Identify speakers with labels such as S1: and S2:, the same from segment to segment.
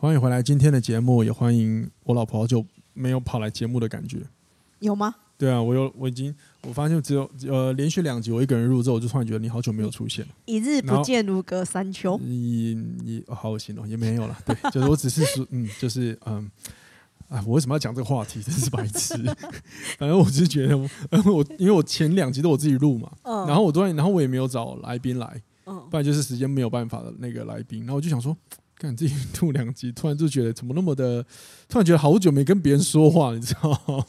S1: 歡迎回來，今天的節目也歡迎我老婆，好久沒有跑來節目的感覺，有嗎？對啊，我有，我已經我發現只有呃連續兩集我一個人錄之後，我就突然覺得你好久沒有出現，一日不
S2: 見如隔三秋
S1: 後。你你、哦、好噁心哦，也沒有了，對， 就是我只是說，嗯，就是嗯，我為什麼要講這個話題？真是白痴。 反正我是覺得，呃、我因為我前兩集都我自己錄嘛，嗯、然後我突然，然後我也沒有找來賓來，嗯，不然就是時間沒有辦法的那個來賓，然後我就想說。看這一度兩集，突然就覺得怎麼那麼的，突然覺得好久沒跟別人說話，你知道？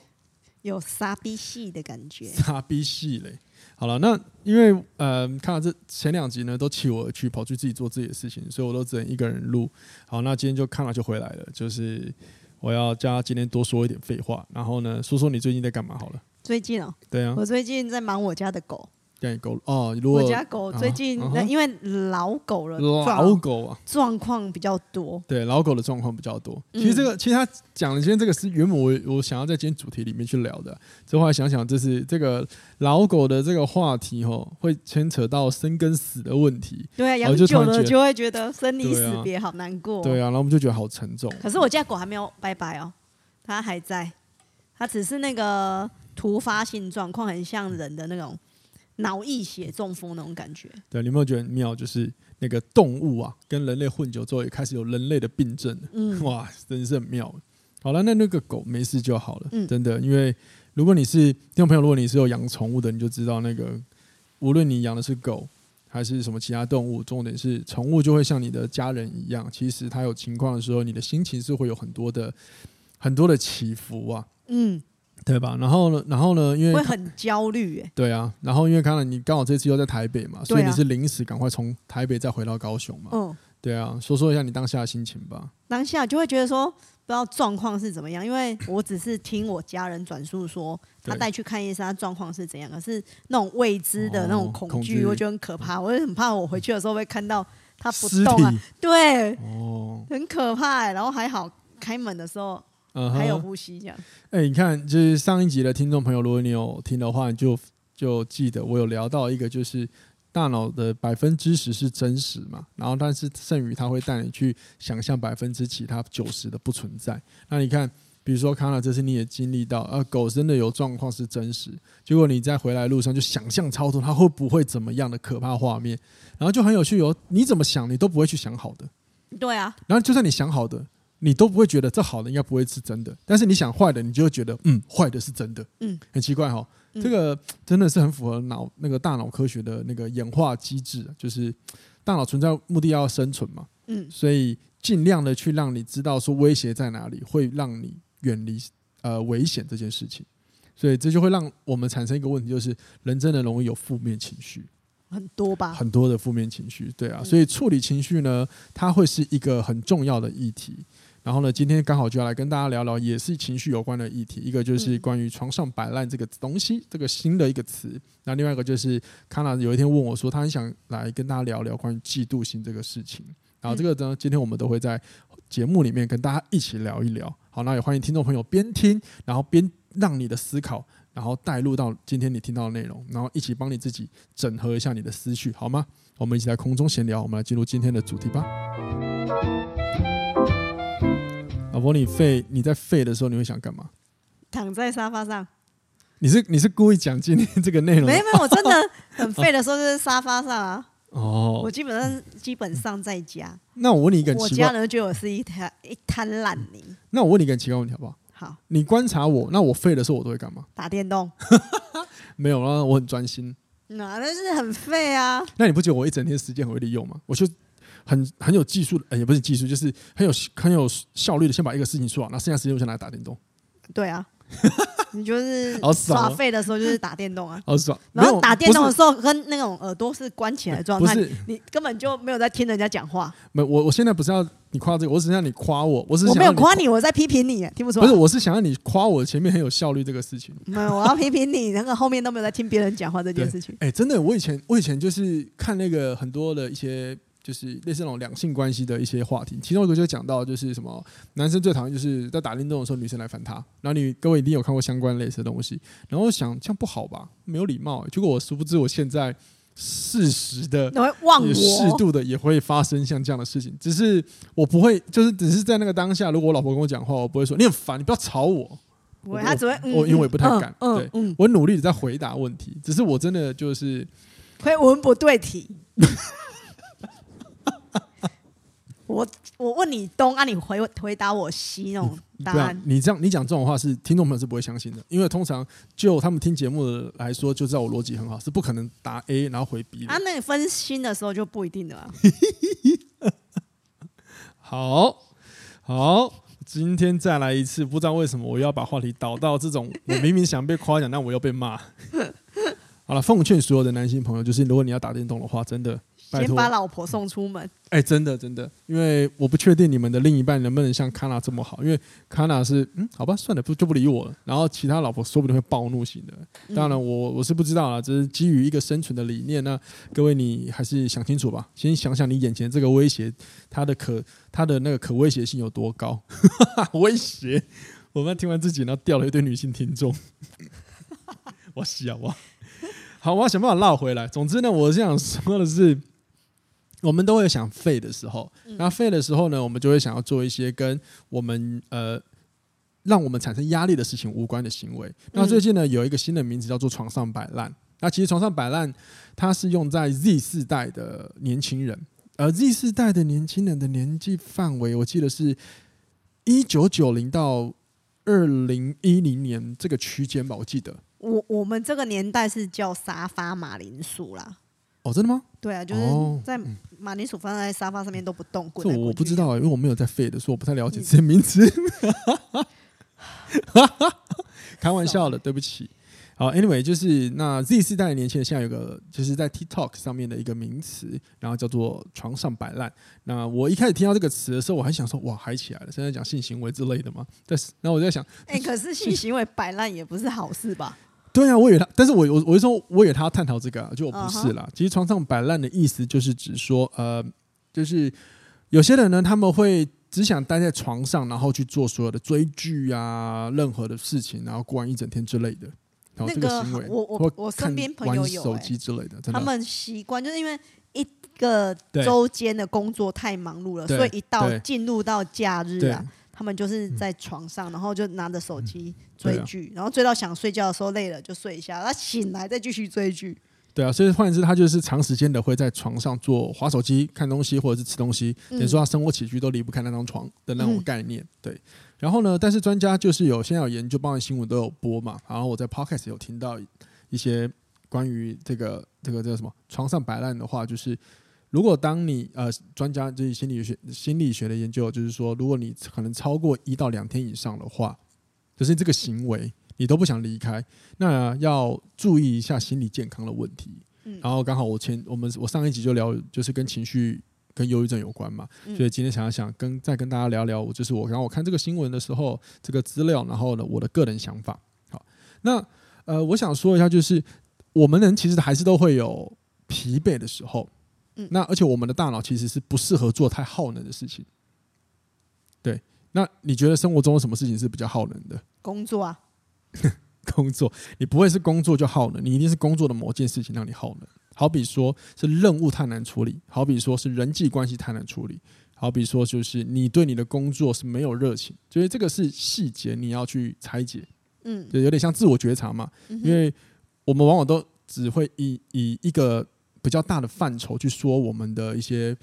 S2: 有傻逼戲的感覺。
S1: 傻逼戲嘞。好了，那因為嗯、呃，看了這前兩集呢，都棄我而去跑去自己做自己的事情，所以我都只能一個人錄。好，那今天就看了就回來了，就是我要加今天多說一點廢話，然後呢說說你最近在幹嘛好了。
S2: 最近哦，對啊，我最近在忙我家的狗。
S1: 狗哦，啊、如果我家狗最近，啊啊、因為
S2: 老狗了，老狗啊，狀況比較多。
S1: 對，老狗的狀況比較多。嗯、其實這個，其實他講的今天這個是原本我我想要在今天主題裡面去聊的。這後來想想這，這是這個老狗的這個話題哦，會牽扯到生跟死的問題。對、啊，養久了就會覺得生離死別好難過、喔。對啊，然後我們就覺得好沉重。可
S2: 是我家狗還沒有拜拜哦、喔，它還在，它只是那個突發性狀況，很像人的那種。腦溢血、中風那種感覺，
S1: 對，你有沒有覺得妙？就是那個動物啊，跟人類混久之後，也開始有人類的病症。嗯，哇，真是很妙。好了，那那個狗沒事就好了。嗯，真的，因為如果你是聽眾朋友，如果你是有養寵物的，你就知道那個，無論你養的是狗還是什麼其他動物，重點是寵物就會像你的家人一樣。其實它有情況的時候，你的心情是會有很多的很多的起伏啊。嗯。對吧？然後呢？然後呢？因為會很
S2: 焦慮、欸，
S1: 哎。對啊，然後因為看了你剛好這次又在台北嘛，啊、所以你是臨時趕快從台北再回到高雄嘛。嗯，對啊。說說一下你當下的心情吧。
S2: 當下就會覺得說，不知道狀況是怎麼樣，因為我只是聽我家人轉述說， 他帶去看醫生對，他狀況是怎樣，可是那種未知的那種恐懼，哦、恐懼我覺得很可怕。我也很怕我回去的時候會看到他不動了、啊。體對，哦，很可怕、欸。然後還好，開門的時候。嗯，uh huh. 還有呼
S1: 吸這樣。哎，欸，你看，就是上一集的聽眾朋友，如果你有聽的話，你就就記得我有聊到一個，就是大腦的百分之十是真實嘛，然後但是剩餘它會帶你去想象百分之其他九十的不存在。那你看，比如說 Kana，這次你也經歷到，啊，狗真的有狀況是真實，結果你在回來路上就想象超多它會不會怎麼樣的可怕畫面，然後就很有趣有，哦、你怎麼想你都不會去想好的。對啊。然後就算你想好的。你都不會覺得，這好的應該不會是真的，但是你想壞的，你就會覺得嗯，壞的是真的，嗯，很奇怪哈，哦，嗯，這個真的是很符合腦那個大腦科學的那個演化機制，就是大腦存在目的要生存嘛，嗯，所以儘量的去讓你知道說威脅在哪裡，會讓你遠離呃危險這件事情，所以這就會讓我們產生一個問題，就是人真的容易有負面情緒，
S2: 很多吧，很
S1: 多的負面情緒，對啊，所以處理情緒呢，它會是一個很重要的議題。然後呢，今天剛好就要來跟大家聊聊，也是情緒有關的議題。一個就是關於床上擺爛這個東西，這個新的一個詞。那另外一個就是康 a 有一天問我說，他很想來跟大家聊聊關於嫉妒心這個事情。然後這個呢，今天我們都會在節目裡面跟大家一起聊一聊。好，那也歡迎聽眾朋友邊聽，然後邊讓你的思考，然後帶入到今天你聽到的內容，然後一起幫你自己整合一下你的思緒，好嗎？我們一起來空中閒聊，我們來進入今天的主題吧。老婆，你廢，你在廢的時候，你會想幹嘛？
S2: 躺在沙發上。
S1: 你是你是故意講今天這個內容的？沒有沒有，我真的
S2: 很廢的時候就在沙發上啊。
S1: 哦。我基
S2: 本上基本上在家。
S1: 那我問你一個我家人都
S2: 覺得我是一灘一灘爛泥。
S1: 那我問你一個奇怪問題好不好？好。你觀察我，那我廢的時候我都會幹嘛？
S2: 打電動。
S1: 沒有啦、啊，我很專心。
S2: 那那、嗯啊、是很廢啊。
S1: 那你不覺得我一整天時間很會利用嗎？我就。很很有技術的、欸，也不是技術，就是很有很有效率的，先把一個事情做好，那剩下時間我先拿來打電動。
S2: 對啊， 你就是哦耍廢的時候就是打電動啊，好爽嗯、然後打電動的時候跟那種耳朵是關起來的狀態，你根本就沒有在聽人家講話。
S1: 沒，我我現在不是要你誇這個，我是想要你誇我，我是想我沒有誇你，
S2: 我在批評你，聽不出來。不是，我
S1: 是想要你誇我前面很有效率這個事情。
S2: 沒有，我要批評你然後後面都沒有在聽別人講話這件事情。
S1: 哎、欸，真的，我以前我以前就是看那個很多的一些。就是類似那種兩性關係的一些話題，其中一個就講到，就是什麼男生最討厭就是在打電動的時候女生來煩他。然後你各位一定有看過相關類似的東西。然後我想這樣不好吧？沒有禮貌、欸。結果我殊不知我現在適時的，適度的也會發生像這樣的事情。只是我不會，就是只是在那個當下，如果我老婆跟我講話，我不會說你很煩，你不要吵我。
S2: 我他只會我，我，因為我也不太敢。嗯，
S1: 我努力在回答問題，只是我真的就是
S2: 會文不對題。 我我問你東，那、啊、你回回答我西那種答案。不然，
S1: 你這樣，你講這種話是聽眾朋友是不會相信的，因為通常就他們聽節目的來說，就知道我邏輯很好，是不可能答 A 然後回 B 的。啊、
S2: 那你分心的時候就不一定了、啊 好。
S1: 好好，今天再來一次，不知道為什麼我又要把話題導到這種， 我明明想被誇獎，但我又被罵。 好了，奉勸所有的男性朋友，就是如果你要打電動的話，真的。先把老
S2: 婆送出門。
S1: 哎、欸，真的真的，因為我不確定你們的另一半能不能像 Kana 這麼好，因為 Kana 是嗯，好吧，算了，不就不理我了。然後其他老婆說不定會暴怒型的。嗯、當然我，我我是不知道了，這是基於一個生存的理念。那各位，你還是想清楚吧。先想想你眼前這個威脅，它的可它的那個可威脅性有多高？ 威脅？我們聽完自己，然後掉了一堆女性聽眾。我想我。好，我要想辦法繞回來。總之呢，我是想說的是。我們都會想廢的時候，嗯、那廢的時候呢，我們就會想要做一些跟我們呃讓我們產生壓力的事情無關的行為。嗯、那最近呢，有一個新的名字叫做“床上擺爛”。那其實“床上擺爛”它是用在 Z 世代的年輕人，而 Z 世代的年輕人的年紀範圍，我記得是一九九零到二零一零年這個區間吧，我記得。
S2: 我我們這個年代是叫沙發馬鈴薯啦。哦，oh, 真的嗎？對啊，就是在馬鈴薯放在沙發上面都不動。Oh, 滾這
S1: 我不知道、欸，因為我沒有在廢的，所以我不太了解這些名詞。哈哈哈，哈哈，開玩笑了， 對不起。好，Anyway，就是那 Z 世代的年輕人現在有個，就是在 TikTok 上面的一個名詞，然後叫做“床上擺爛”。那我一開始聽到這個詞的時候，我還想說：“哇，嗨起來了，現在講性行為之類的嗎？”但是，那我就在想：“哎、欸，可是性
S2: 行為擺爛也不是好事吧？”
S1: 對啊，我也他，但是我我我就說，我也他要探討這個、啊，就我不是啦，uh huh. 其實床上擺爛的意思就是指說，呃，就是有些人呢，他們會只想待在床上，然後去做所有的追劇啊、任何的事情，然後過完一整天之類的。然後這個行為，那個、我我我身邊朋友有手機之類的，的他們
S2: 習慣就是因為一個周間的工作太忙碌了，對所以一到對進入到假日啊。他們就是在床上，嗯、然後就拿着手機追劇，嗯啊、然後追到想睡覺的時候累了就睡一下，然後醒來再繼續追劇。
S1: 對啊，所以換言之，他就是長時間的會在床上做滑手機、看東西或者是吃東西，等於說他生活起居都離不開那張床的那種概念。嗯、對。然後呢，但是專家就是有現在有研究，報的新聞都有播嘛，然後我在 Podcast 有聽到一些關於這個這個叫什麼床上擺爛的話，就是。如果當你呃專家就是心理學心理學的研究，就是說，如果你可能超過一到兩天以上的話，就是這個行為你都不想離開，那，呃，要注意一下心理健康的問題。然後剛好我前我們我上一集就聊就是跟情緒跟憂鬱症有關嘛，所以今天想要想跟再跟大家聊聊，我就是我剛我看這個新聞的時候這個資料，然後呢我的個人想法。好，那呃我想說一下，就是我們人其實還是都會有疲憊的時候。嗯，那而且我們的大腦其實是不適合做太耗能的事情。對，那你覺得生活中有什麼事情是比較耗能的？
S2: 工作啊，
S1: 工作，你不會是工作就耗能，你一定是工作的某件事情讓你耗能。好比說是任務太難處理，好比說是人際關係太難處理，好比說就是你對你的工作是沒有熱情，所以這個是細節你要去拆解。嗯，就有點像自我覺察嘛，嗯哼，因為我們往往都只會以以一個。比較大的範疇去說我們的一些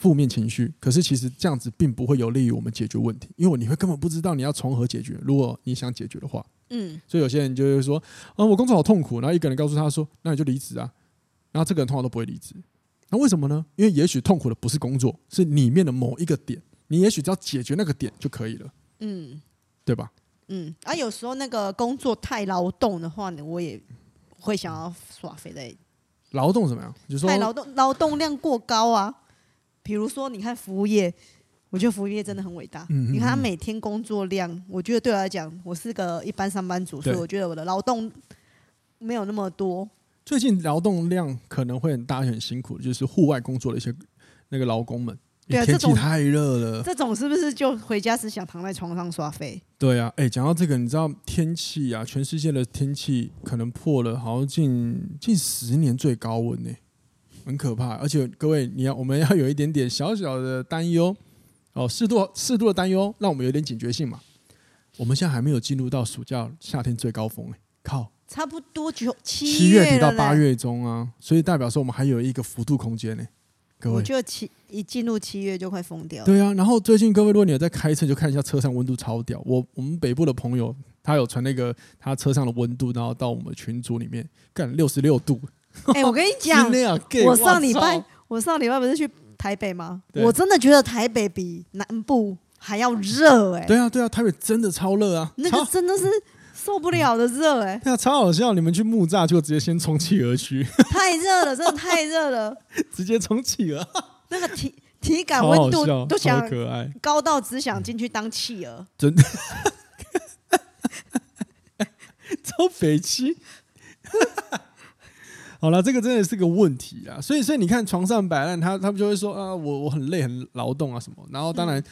S1: 負面情緒，可是其實這樣子並不會有利於我們解決問題，因為你會根本不知道你要從何解決。如果你想解決的話，嗯，所以有些人就會說，啊、呃，我工作好痛苦，然後一個人告訴他說，那你就離職啊，然後這個人通常都不會離職，那為什麼呢？因為也許痛苦的不是工作，是裡面的某一個點，你也許只要解決那個點就可以了，
S2: 嗯，對吧？嗯，啊，有時候那個工作太勞動的話，我也會想要耍廢
S1: 勞動怎麼樣？就是說，哎，勞動
S2: 勞動量過高啊。比如說，你看服務業，我覺得服務業真的很偉大。嗯、哼哼，你看他每天工作量，我覺得對我來講，我是個一般上班族，對所以我覺得我的勞動沒有那麼多。
S1: 最近勞動量可能會很大，很辛苦，就是戶外工作的一些那個勞工們。對、啊，天氣太熱了這，這
S2: 種是不是就回家只想躺在床上耍廢？
S1: 對啊，哎，講到這個，你知道天氣啊，全世界的天氣可能破了好像近近十年最高溫呢、欸，很可怕。而且各位，你要、啊、我們要有一點點小小的擔憂，哦，適度適度的擔憂，讓我們有點警覺性嘛。我們現在還沒有進入到暑假夏天最高峰、欸，哎，靠，
S2: 差不多九七七月，七月底到八月
S1: 中啊，所以代表說我們還有一個幅度空間呢、欸。各我覺
S2: 得七一進入七月就快瘋掉，對啊，
S1: 然後最近各位，如果你在開車，就看一下車上溫度超屌。我我們北部的朋友他有傳那個他車上的溫度，然後到我們群組裡面幹六十六度。
S2: 哎、 欸，我跟你講，啊、我上禮拜操我上禮拜不是去台北嗎？對我真的覺得台北比南部還要熱哎、欸。
S1: 對啊對啊，台北真的超熱啊，那
S2: 個真的是。受不了的熱哎、
S1: 欸，那、嗯啊、超好笑！你們去木柵就直接先衝企鵝區，
S2: 太熱了，真的太熱了，
S1: 直接衝企鵝了。
S2: 那個體體感溫度好都想可愛高到只想進去當企鵝，
S1: 真的 超肥悲氣氣。 好了，這個真的是個問題啊！所以，所以你看床上擺爛，他他不就會說啊，我我很累，很勞動啊什麼？然後當然。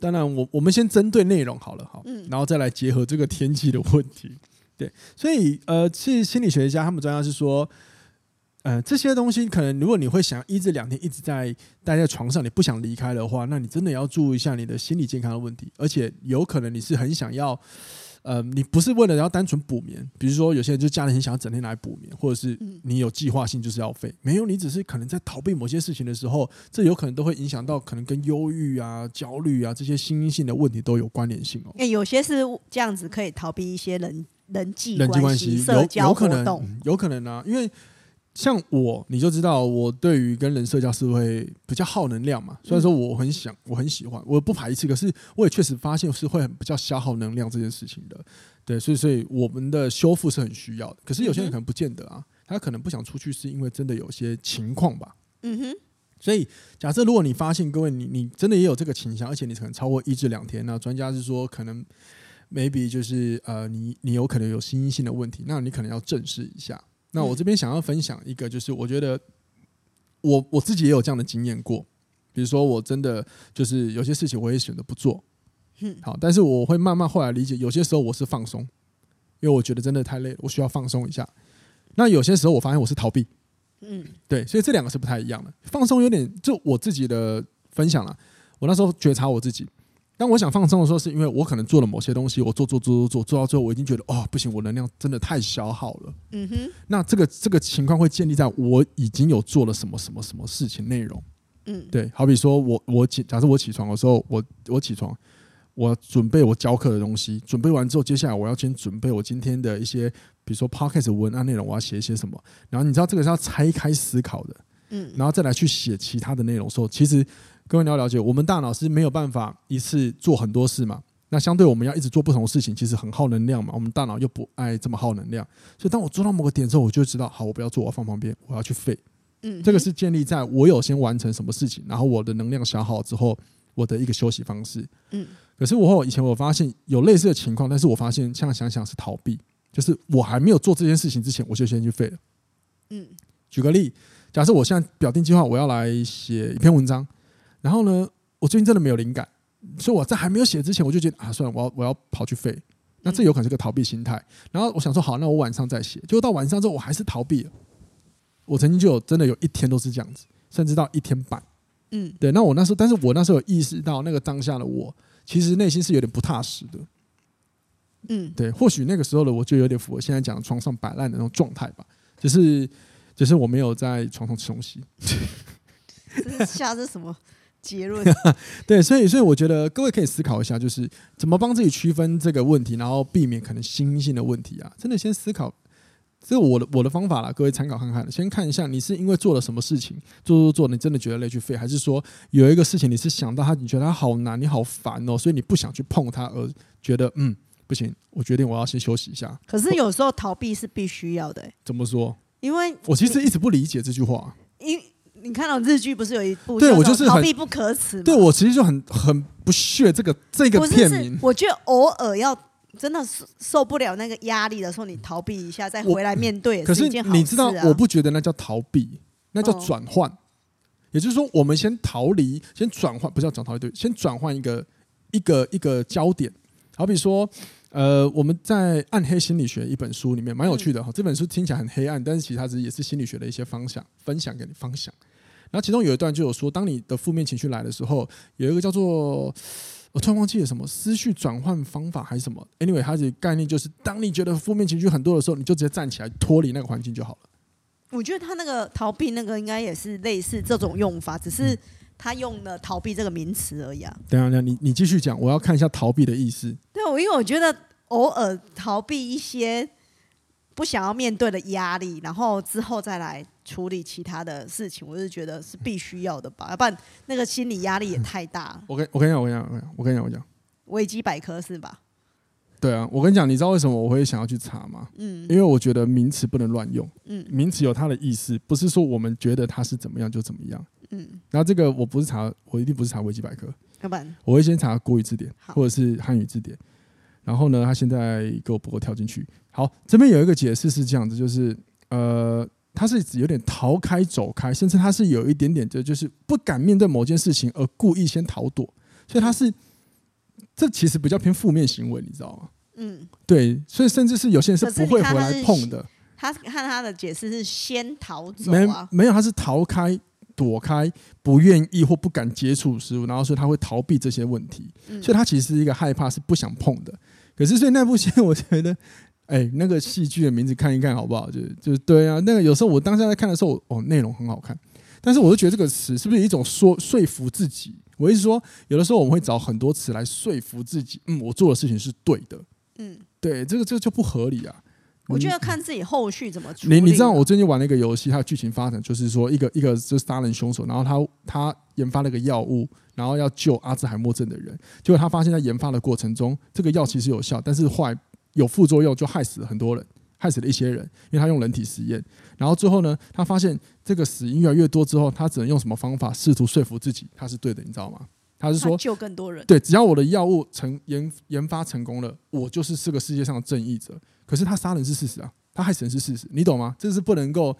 S1: 當然，我我們先針對內容好了，好，然後再來結合這個天氣的問題。對，所以呃，其實心理學家他們專家是說，呃，這些東西可能如果你會想一至兩天一直在待在床上，你不想離開的話，那你真的要注意一下你的心理健康的問題，而且有可能你是很想要。呃，你不是為了要單純補眠，比如說有些人就家裡很想要整天來補眠，或者是你有計劃性就是要廢，嗯、沒有你只是可能在逃避某些事情的時候，這有可能都會影響到可能跟憂鬱啊、焦慮啊這些心性的問題都有關聯性哦。那
S2: 有些是這樣子可以逃避一些人人際關係、社交有可能、嗯、
S1: 有可能啊，因為。像我，你就知道我對於跟人社交是會比較耗能量嘛。雖然說我很想，我很喜歡，我不排斥，可是我也確實發現是會很比較消耗能量這件事情的。對，所以所以我們的修復是很需要的。可是有些人可能不見得啊，他可能不想出去，是因為真的有些情況吧。嗯哼。所以假設如果你發現各位你你真的也有這個傾向，而且你可能超過一至兩天啊，那專家是說可能 maybe 就是呃你你有可能有心因性的問題，那你可能要正視一下。那我這邊想要分享一個，就是我覺得我我自己也有這樣的經驗過。比如說，我真的就是有些事情，我也選擇不做。好，但是我會慢慢後來理解，有些時候我是放鬆，因為我覺得真的太累了，我需要放鬆一下。那有些時候我發現我是逃避。嗯，對，所以這兩個是不太一樣的。放鬆有點，就我自己的分享啦。我那時候覺察我自己。當我想放鬆的時候，是因為我可能做了某些東西，我做做做做做，做到最後我已經覺得哦，不行，我能量真的太消耗了。嗯哼，那這個這個情況會建立在我已經有做了什麼什麼什麼事情內容。嗯，對，好比說我我起，假設我起床的時候，我我起床，我準備我教課的東西，準備完之後，接下來我要先準備我今天的一些，比如說 podcast 文案內容，我要寫一些什麼。然後你知道這個是要拆開思考的。嗯，然後再來去寫其他的內容的時候，其實。各位你要了解，我們大腦是沒有辦法一次做很多事嘛，那相對我們要一直做不同的事情，其實很耗能量嘛。我們大腦又不愛這麼耗能量，所以當我做到某個點之後，我就知道，好，我不要做，我要放旁邊，我要去廢。
S3: 嗯哼，這個是
S1: 建立在我有先完成什麼事情，然後我的能量消耗之後，我的一個休息方式。嗯，可是我以前我發現有類似的情況，但是我發現現在想想是逃避，就是我還沒有做這件事情之前，我就先去廢了。嗯，舉個例，假設我現在表定計劃，我要來寫一篇文章。然後呢，我最近真的沒有靈感，所以我在還沒有寫之前，我就覺得啊，算了，我要我要跑去廢。那這有可能是個逃避心態。然後我想說，好，那我晚上再寫。結果到晚上之後，我還是逃避了。我曾經就有真的有一天都是這樣子，甚至到一天半。嗯，對。那我那時候，但是我那時候有意識到，那個當下的我，其實內心是有點不踏實的。嗯，對。或許那個時候的我就有點符合現在講床上擺爛的那種狀態吧，就是就是我沒有在床上吃東西。
S2: 呵呵，這是下次什麼？ 結
S1: 論 對，所以所以我覺得各位可以思考一下，就是怎麼幫自己區分這個問題，然後避免可能新興的問題啊。真的先思考，這我的我的方法啦，各位參考看看。先看一下你是因為做了什麼事情做做做，你真的覺得累去廢，還是說有一個事情你是想到他，你覺得他好難，你好煩哦、喔，所以你不想去碰他，而覺得嗯，不行，我決定我要先休息一下。可是有
S2: 時候逃避是必須要的、
S1: 欸。怎麼說？因為我其實一直不理解這句話。
S2: 你看到日劇不是有一部叫逃避不可恥？對，我
S1: 其實就很很不屑這個這個片名。是是
S2: 我覺得偶爾要真的受不了那個壓力的時候，你逃避一下，再回來面對、啊，可是你知道，我不
S1: 覺得那叫逃避，那叫轉換。哦、也就是說，我們先逃離，先轉換，不是要講逃離。對，先轉換一個一個一個焦點。好比說，呃，我們在《暗黑心理學》一本書裡面蠻有趣的哈、嗯，這本書聽起來很黑暗，但是其實它其實也是心理學的一些方向，分享給你方向。然後其中有一段就有說，當你的負面情緒來的時候，有一個叫做，我突然忘記了什麼，思緒轉換方法還是什麼。Anyway，它的概念就是，當你覺得負面情緒很多的時候，你就直接站起來脫離那個環境就好
S2: 了。我覺得他那個逃避那個，應該也是類似這種用法，只是他用了逃避這個名詞而已啊。嗯。
S1: 等下，等下，你你繼續講，我要看一下逃避的意思。
S2: 對，我因為我覺得偶爾逃避一些不想要面對的壓力，然後之後再來。處理其他的事情，我是覺得是必須要的吧，要不然那個心理壓力也太大了。我跟
S1: 我跟你講，我跟你講，我跟你講，我跟你講。
S2: 維基百科是吧？
S1: 對啊，我跟你講，你知道為什麼我會想要去查嗎？嗯，因為我覺得名詞不能亂用，嗯，名詞有它的意思，不是說我們覺得它是怎麼樣就怎麼樣，嗯。然後這個我不是查，我一定不是查維基百科，要不然我會先查國語字典好或者是漢語字典。然後呢，他現在給我不夠跳進去。好，這邊有一個解釋是這樣子，就是呃。他是有點逃開、走開，甚至他是有一點點，的就是不敢面對某件事情而故意先逃躲，所以他是這其實比較偏負面行為，你知道嗎？嗯，對，所以甚至是有些人是不會回來碰的。看
S2: 他，他看他的解釋是先逃走、啊沒，沒沒有，他是
S1: 逃開、躲開，不願意或不敢接觸事物，然後所以他會逃避這些問題，所以他其實是一個害怕，是不想碰的。可是所以那部戲，我覺得。哎、欸，那個戲劇的名字看一看好不好？就就對啊，那個有時候我當下在看的時候，哦，內容很好看，但是我就覺得這個詞是不是一種說說服自己？我意思說，有的時候我們會找很多詞來說服自己，嗯，我做的事情是對的，嗯，對，這個這個就不合理啊。我覺得
S2: 看自己後續怎麼處理了。你你
S1: 知道，我最近玩了一個遊戲，它的劇情發展就是說，一個一個就是殺人凶手，然後他他研發了個藥物，然後要救阿茲海默症的人，結果他發現在研發的過程中，這個藥其實有效，但是壞。有副作用就害死了很多人，害死了一些人，因為他用人體實驗。然後最後呢，他發現這個死因越來越多之後，他只能用什麼方法試圖說服自己他是對的，你知道嗎？他是說救更多人，對，只要我的藥物成研研發成功了，我就是這個世界上的正義者。可是他殺人是事實啊，他害死人是事實，你懂嗎？這是不能夠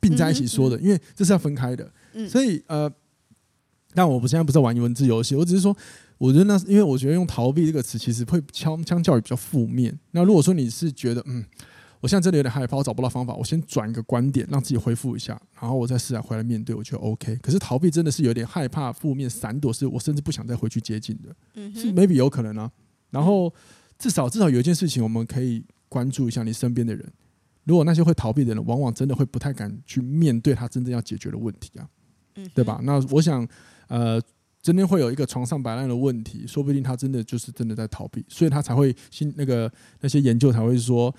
S1: 併在一起說的，嗯嗯、因為這是要分開的。嗯、所以呃，但我不現在不是玩一文字遊戲，我只是說。我覺得那是，因為我覺得用逃避這個詞，其實會相相較於比較負面。那如果說你是覺得，嗯，我現在真的有點害怕，我找不到方法，我先轉一個觀點，讓自己恢復一下，然後我再試着回來面對，我覺得 OK。可是逃避真的是有點害怕、負面、閃躲，是我甚至不想再回去接近的。嗯、哼是 maybe 有可能啊。然後至少至少有一件事情，我們可以關注一下你身邊的人。如果那些會逃避的人，往往真的會不太敢去面對他真正要解決的問題啊，嗯、哼對吧？那我想，呃。真的會有一個床上擺爛的問題，說不定他真的就是真的在逃避，所以他才會心那個那些研究才會說，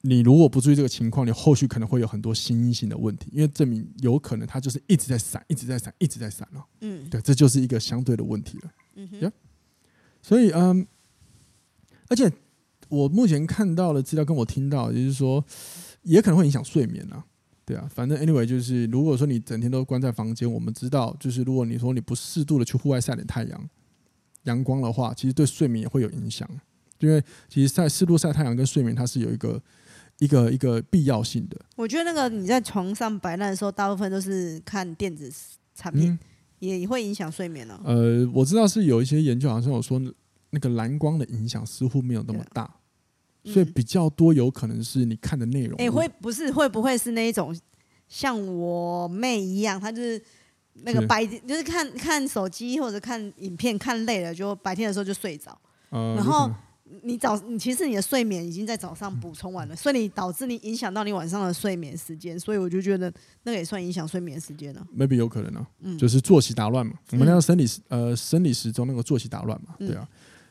S1: 你如果不注意這個情況，你後續可能會有很多心因性的問題，因為證明有可能他就是一直在閃，一直在閃，一直在閃了、喔。嗯，對，這就是一個相對的問題了。嗯哼，yeah? 所以嗯，um, 而且我目前看到的資料跟我聽到，也就是說，也可能會影響睡眠呢、啊。對啊，反正 anyway 就是，如果說你整天都關在房間，我們知道，就是如果你說你不適度的去戶外晒點太陽，陽光的話，其實對睡眠也會有影響，因為其實晒適度晒太陽跟睡眠它是有一個一個一個必要性的。
S2: 我覺得那個你在床上擺爛的時候，大部分都是看電子產品，嗯，也會影響睡眠啊、
S1: 哦。呃，我知道是有一些研究好像有說，那個藍光的影響似乎沒有那麼大。所以比較多有可能是你看的內容，嗯。哎，欸，會
S2: 不是會不會是那一種，像我妹一樣，她就是那個白天是就是看看手機或者看影片，看累了就白天的時候就睡着。呃、
S3: 然
S1: 後
S2: 你早，如果你早其實你的睡眠已經在早上補充完了，嗯、所以你導致你影響到你晚上的睡眠時間，所以我就覺得那個也算影響睡眠時間了。
S1: Maybe 有可能啊，you 嗯、就是作息打亂嘛，嗯、我們那個生理、呃、生理時呃生理時鐘那個作息打亂嘛，嗯、對啊。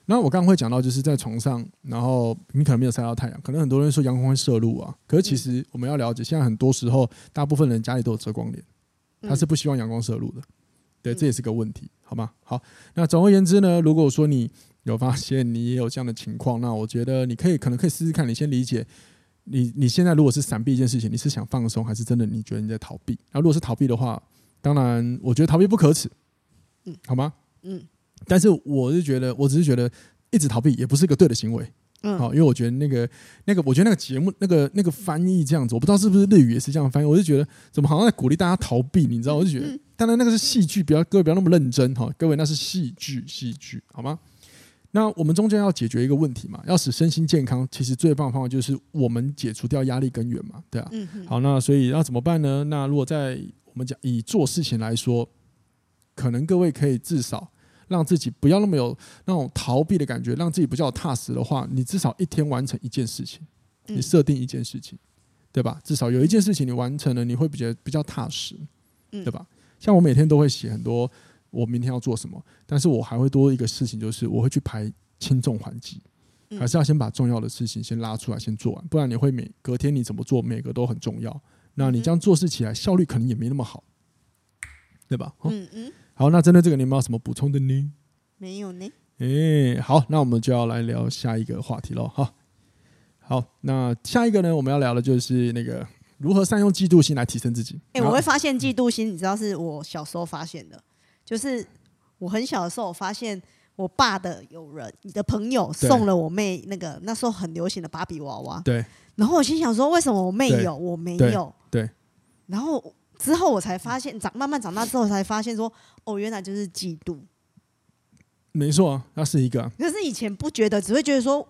S1: 那我剛剛會講到，就是在床上，然後你可能沒有曬到太陽，可能很多人說陽光會射入啊，可是其實我們要了解，現在很多時候，大部分人家裡都有遮光簾，他是不希望陽光射入的，對，這也是個問題，好嗎？好，那總而言之呢，如果說你有發現你也有這樣的情況，那我覺得你可以，可能可以試試看，你先理解你，你你現在如果是閃避一件事情，你是想放鬆，還是真的你覺得你在逃避？那如果是逃避的話，當然，我覺得逃避不可恥，好嗎？嗯。嗯但是我是覺得，我只是覺得一直逃避也不是一個對的行為。嗯，好，因為我覺得那個那個，我覺得那個節目那個那個翻譯這樣子，我不知道是不是日語也是這樣翻譯。我就覺得怎麼好像在鼓勵大家逃避，你知道？我就覺得、嗯、當然那個是戲劇，不要各位不要那麼認真哈，各位那是戲劇，戲劇好嗎？那我們中間要解決一個問題嘛，要使身心健康，其實最棒的方法就是我們解除掉壓力根源嘛，對啊。嗯、哼好，那所以要怎麼辦呢？那如果在我們講以做事情來說，可能各位可以至少。讓自己不要那麼有那種逃避的感覺，讓自己比較踏實的話，你至少一天完成一件事情，你設定一件事情，對吧？至少有一件事情你完成了，你會比較比較踏實，對吧？像我每天都會寫很多，我明天要做什麼，但是我還會多一個事情，就是我會去排輕重緩急，還是要先把重要的事情先拉出來先做完，不然你會每隔天你怎麼做，每個都很重要，那你這樣做事起來，效率可能也沒那麼好，對吧？嗯嗯。好，那針對這個，你們有什麼補充的呢？
S2: 沒有呢。
S1: 誒、欸，好，那我們就要來聊下一個話題了。好好，那下一個呢，我們要聊的就是那個如何善用嫉妒心來提升自己。誒、欸，我會
S2: 發現嫉妒心，嗯、你知道，是我小時候發現的，就是我很小的時候，我發現我爸的友人你的朋友送了我妹那個對那時候很流行的芭比娃娃，對，然後我心想說，為什麼我妹有，對我沒有？對，對然後。之後我才發現，長慢慢長大之後才發現說，哦，原來就是嫉妒。
S1: 沒錯，那是一個。
S2: 可是以前不覺得，只會覺得說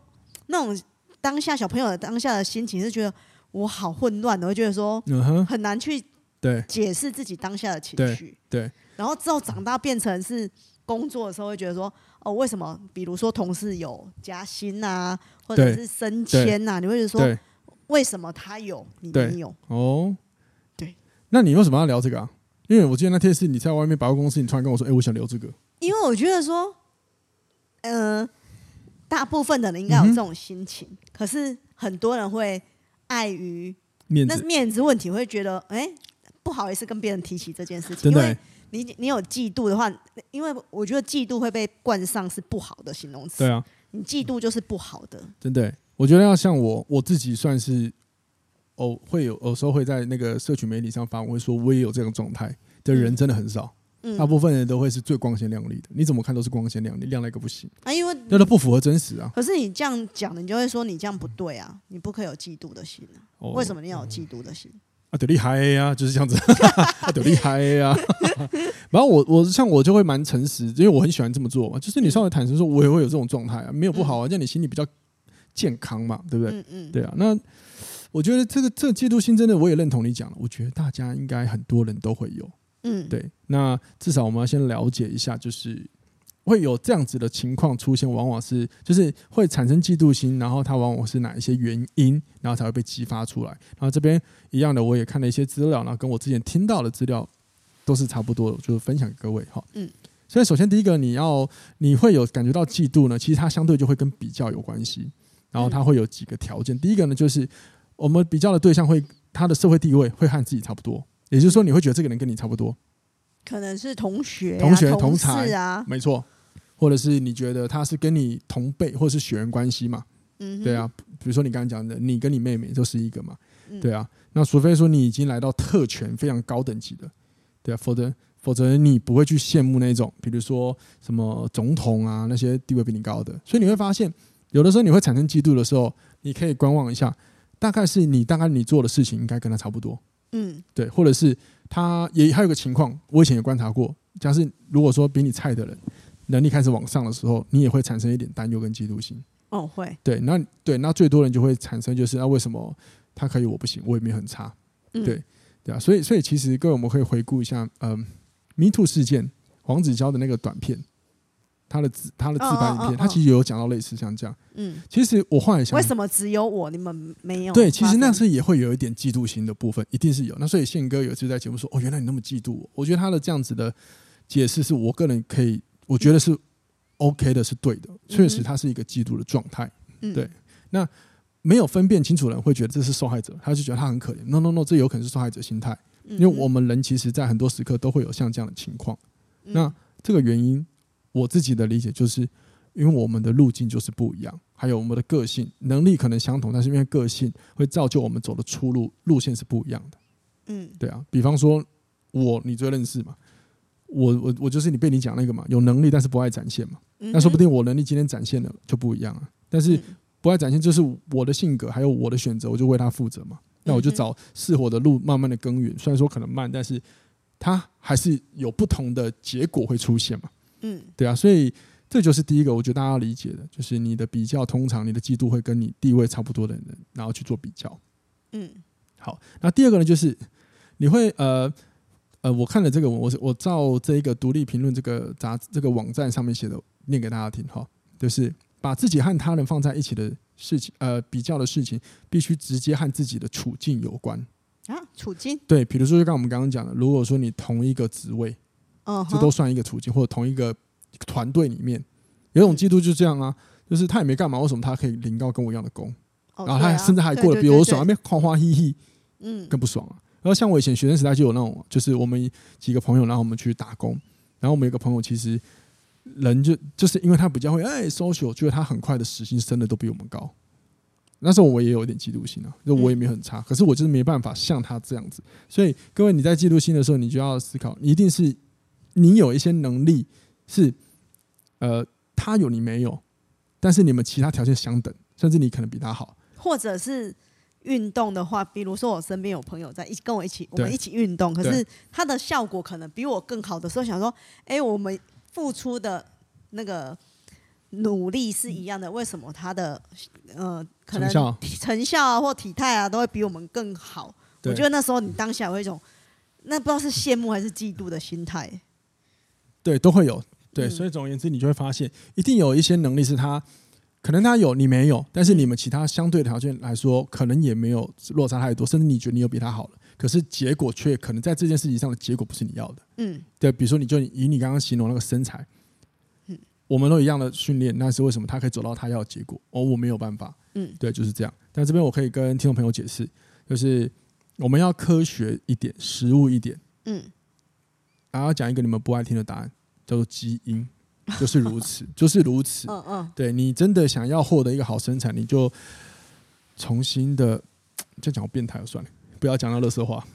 S2: 那種當下小朋友當下的心情是覺得我好混亂，我會覺得說，嗯、哼很難去對解釋自己當下的情緒。對。對對然後之後長大變成是工作的時候會覺得說，哦，為什麼？比如說同事有加薪啊，或者是升遷吶、啊，你會覺得說，對為什麼他有，你沒有？
S1: 哦。那你為什麼要聊這個啊？因為我記得那天是你在外面百貨公司，你突然跟我說：“哎、欸，我想聊這個。”
S2: 因為我覺得說，嗯、呃，大部分的人應該有這種心情，嗯、哼可是很多人會礙於面子、面子問題，會覺得哎、欸，不好意思跟別人提起這件事情。欸、因為你你有嫉妒的話，因為我覺得嫉妒會被冠上是不好的形容詞。對啊，你嫉妒就是不好的。
S1: 真的、欸，我覺得要像我，我自己算是。哦，會有，有時候會在那個社群媒體上發文會說“我也有這種狀態”的人真的很少。嗯、大部分人都會是最光鮮亮麗的，你怎麼看都是光鮮亮麗，亮了一個不行啊，因為那都不符合真實啊。可
S2: 是你這樣講，你就會說你這樣不對啊，你不可以有，、啊哦、有嫉妒的心，為什麼你要有嫉妒的心？
S1: 啊，得厲害呀、啊，就是這樣子， 啊，得厲害呀、啊。然後 我，我，我像我就會蠻誠實，因為我很喜歡這麼做嘛。就是你稍微坦誠說，我也會有這種狀態啊，沒有不好啊，這樣、嗯、你心裡比較健康嘛，對不對？嗯，嗯對啊，那。我覺得這個這個，嫉妒心真的，我也認同你講了。我覺得大家應該很多人都會有，嗯，對。那至少我們要先了解一下，就是會有這樣子的情況出現，往往是就是會產生嫉妒心，然後它往往是哪一些原因，然後才會被激發出來。然後這邊一樣的，我也看了一些資料，然後跟我之前聽到的資料都是差不多的，就是分享給各位哈。嗯，所以首先第一個，你要你會有感覺到嫉妒呢，其實它相對就會跟比較有關係，然後它會有幾個條件。嗯，第一個呢，就是。我們比較的對象會他的社會地位會和自己差不多，也就是說你會覺得這個人跟你差不多，
S2: 可能是同學、啊、同學、同、才同事啊，沒
S1: 錯，或者是你覺得他是跟你同輩或是血緣關係嘛，嗯哼，對啊，比如說你剛剛講的，你跟你妹妹就是一個嘛，對啊，嗯、那除非說你已經來到特權非常高等級的，對啊，否則否則你不會去羨慕那種，比如說什麼總統啊那些地位比你高的，所以你會發現有的時候你會產生嫉妒的時候，你可以觀望一下。大概是你大概你做的事情應該跟他差不多，嗯，對，或者是他也還有個情況，我以前也觀察過。假設如果說比你菜的人能力開始往上的時候，你也會產生一點擔憂跟嫉妒心。
S2: 哦，會，
S1: 對，那對，那最多人就會產生就是那為什麼他可以我不行？我也沒有很差，嗯、對對啊。所以所以其實各位我們可以回顧一下，嗯、呃、Me Too 事件黃子佼的那個短片。他的自他的自白影片，oh, oh, oh, oh. 他其實有講到類似像這樣，嗯，其實我一想,想為什
S2: 麼只有我你們沒有？對，其實
S1: 那時也會有一點嫉妒心的部分，一定是有。那所以憲哥有一次在節目說：“哦，原來你那麼嫉妒我。”我覺得他的這樣子的解釋是我個人可以，我覺得是 OK 的，是對的。嗯、確實他是一個嫉妒的狀態。嗯、對，那沒有分辨清楚的人會覺得這是受害者，他就覺得他很可憐。No No No，這有可能是受害者心態，嗯、因為我們人其實，在很多時刻都會有像這樣的情況。嗯、那這個原因。我自己的理解就是，因為我們的路徑就是不一樣，還有我們的個性、能力可能相同，但是因為個性會造就我們走的出路路線是不一樣的。
S3: 嗯，
S1: 對啊，比方說我，你最認識嘛？我我我就是你被你講那個嘛，有能力但是不愛展現嘛。那說不定我能力今天展現的就不一樣了啊，但是不愛展現就是我的性格，還有我的選擇，我就為他負責嘛。那我就找適合我的路，慢慢的耕耘。雖然說可能慢，但是他還是有不同的結果會出現嘛。嗯，對啊，所以這就是第一個，我覺得大家要理解的，就是你的比較通常你的嫉妒會跟你地位差不多的人，然後去做比較。嗯，好，那第二個呢，就是你會呃呃，我看了這個，我我照這一個獨立評論這個雜誌這個網站上面寫的，念給大家聽哈、哦，就是把自己和他人放在一起的事情，呃，比較的事情，必須直接和自己的處境有關
S2: 啊，處境對，
S1: 比如說，就剛剛我們剛剛講的，如果說你同一個職位。嗯，uh huh. 這都算一個處境，或者同一個團隊裡面，有一種嫉妒就是這樣啊，是就是他也沒幹嘛，為什麼他可以領到跟我一樣的工？Oh, 然後他、啊、甚至還過得比我爽，外面歡歡喜喜，嗯，更不爽啊。然後像我以前學生時代就有那種，就是我們幾個朋友，然後我們去打工，然後我們有個朋友其實人就就是因為他比較會哎、欸、social，覺得他很快的時薪升的都比我們高。那時候我也有一點嫉妒心啊，就我也沒很差，嗯、可是我就是沒辦法像他這樣子。所以各位你在嫉妒心的時候，你就要思考，一定是。你有一些能力是，呃，他有你沒有，但是你們其他條件相等，甚至你可能比他好。
S2: 或者是運動的話，比如說我身邊有朋友在一起跟我一起，對 我們一起運動，可是他的效果可能比我更好的時候，想說，哎對、欸，我們付出的那個努力是一樣的，為什麼他的呃可能成效、啊、或體態啊都會比我們更好？對 我覺得那時候你當下有一種，那不知道是羨慕還是嫉妒的心態。
S1: 對，都會有。對，嗯、所以總而言之，你就會發現，一定有一些能力是他，可能他有你沒有，但是你們其他相對條件來說，嗯、可能也沒有落差太多，甚至你覺得你有比他好了，可是結果卻可能在這件事情上的結果不是你要的。嗯，對，比如說你就以你剛剛形容那個身材，嗯，我們都一樣的訓練，那是為什麼他可以走到他要的結果，而、哦、我沒有辦法？嗯，對，就是這樣。但這邊我可以跟聽眾朋友解釋，就是我們要科學一點，實務一點。嗯。還要講一個你們不愛聽的答案，叫做基因，就是如此， 就是如此。 對，你真的想要獲得一個好身材，你就重新的，就講我變態就算了，不要講到垃圾話。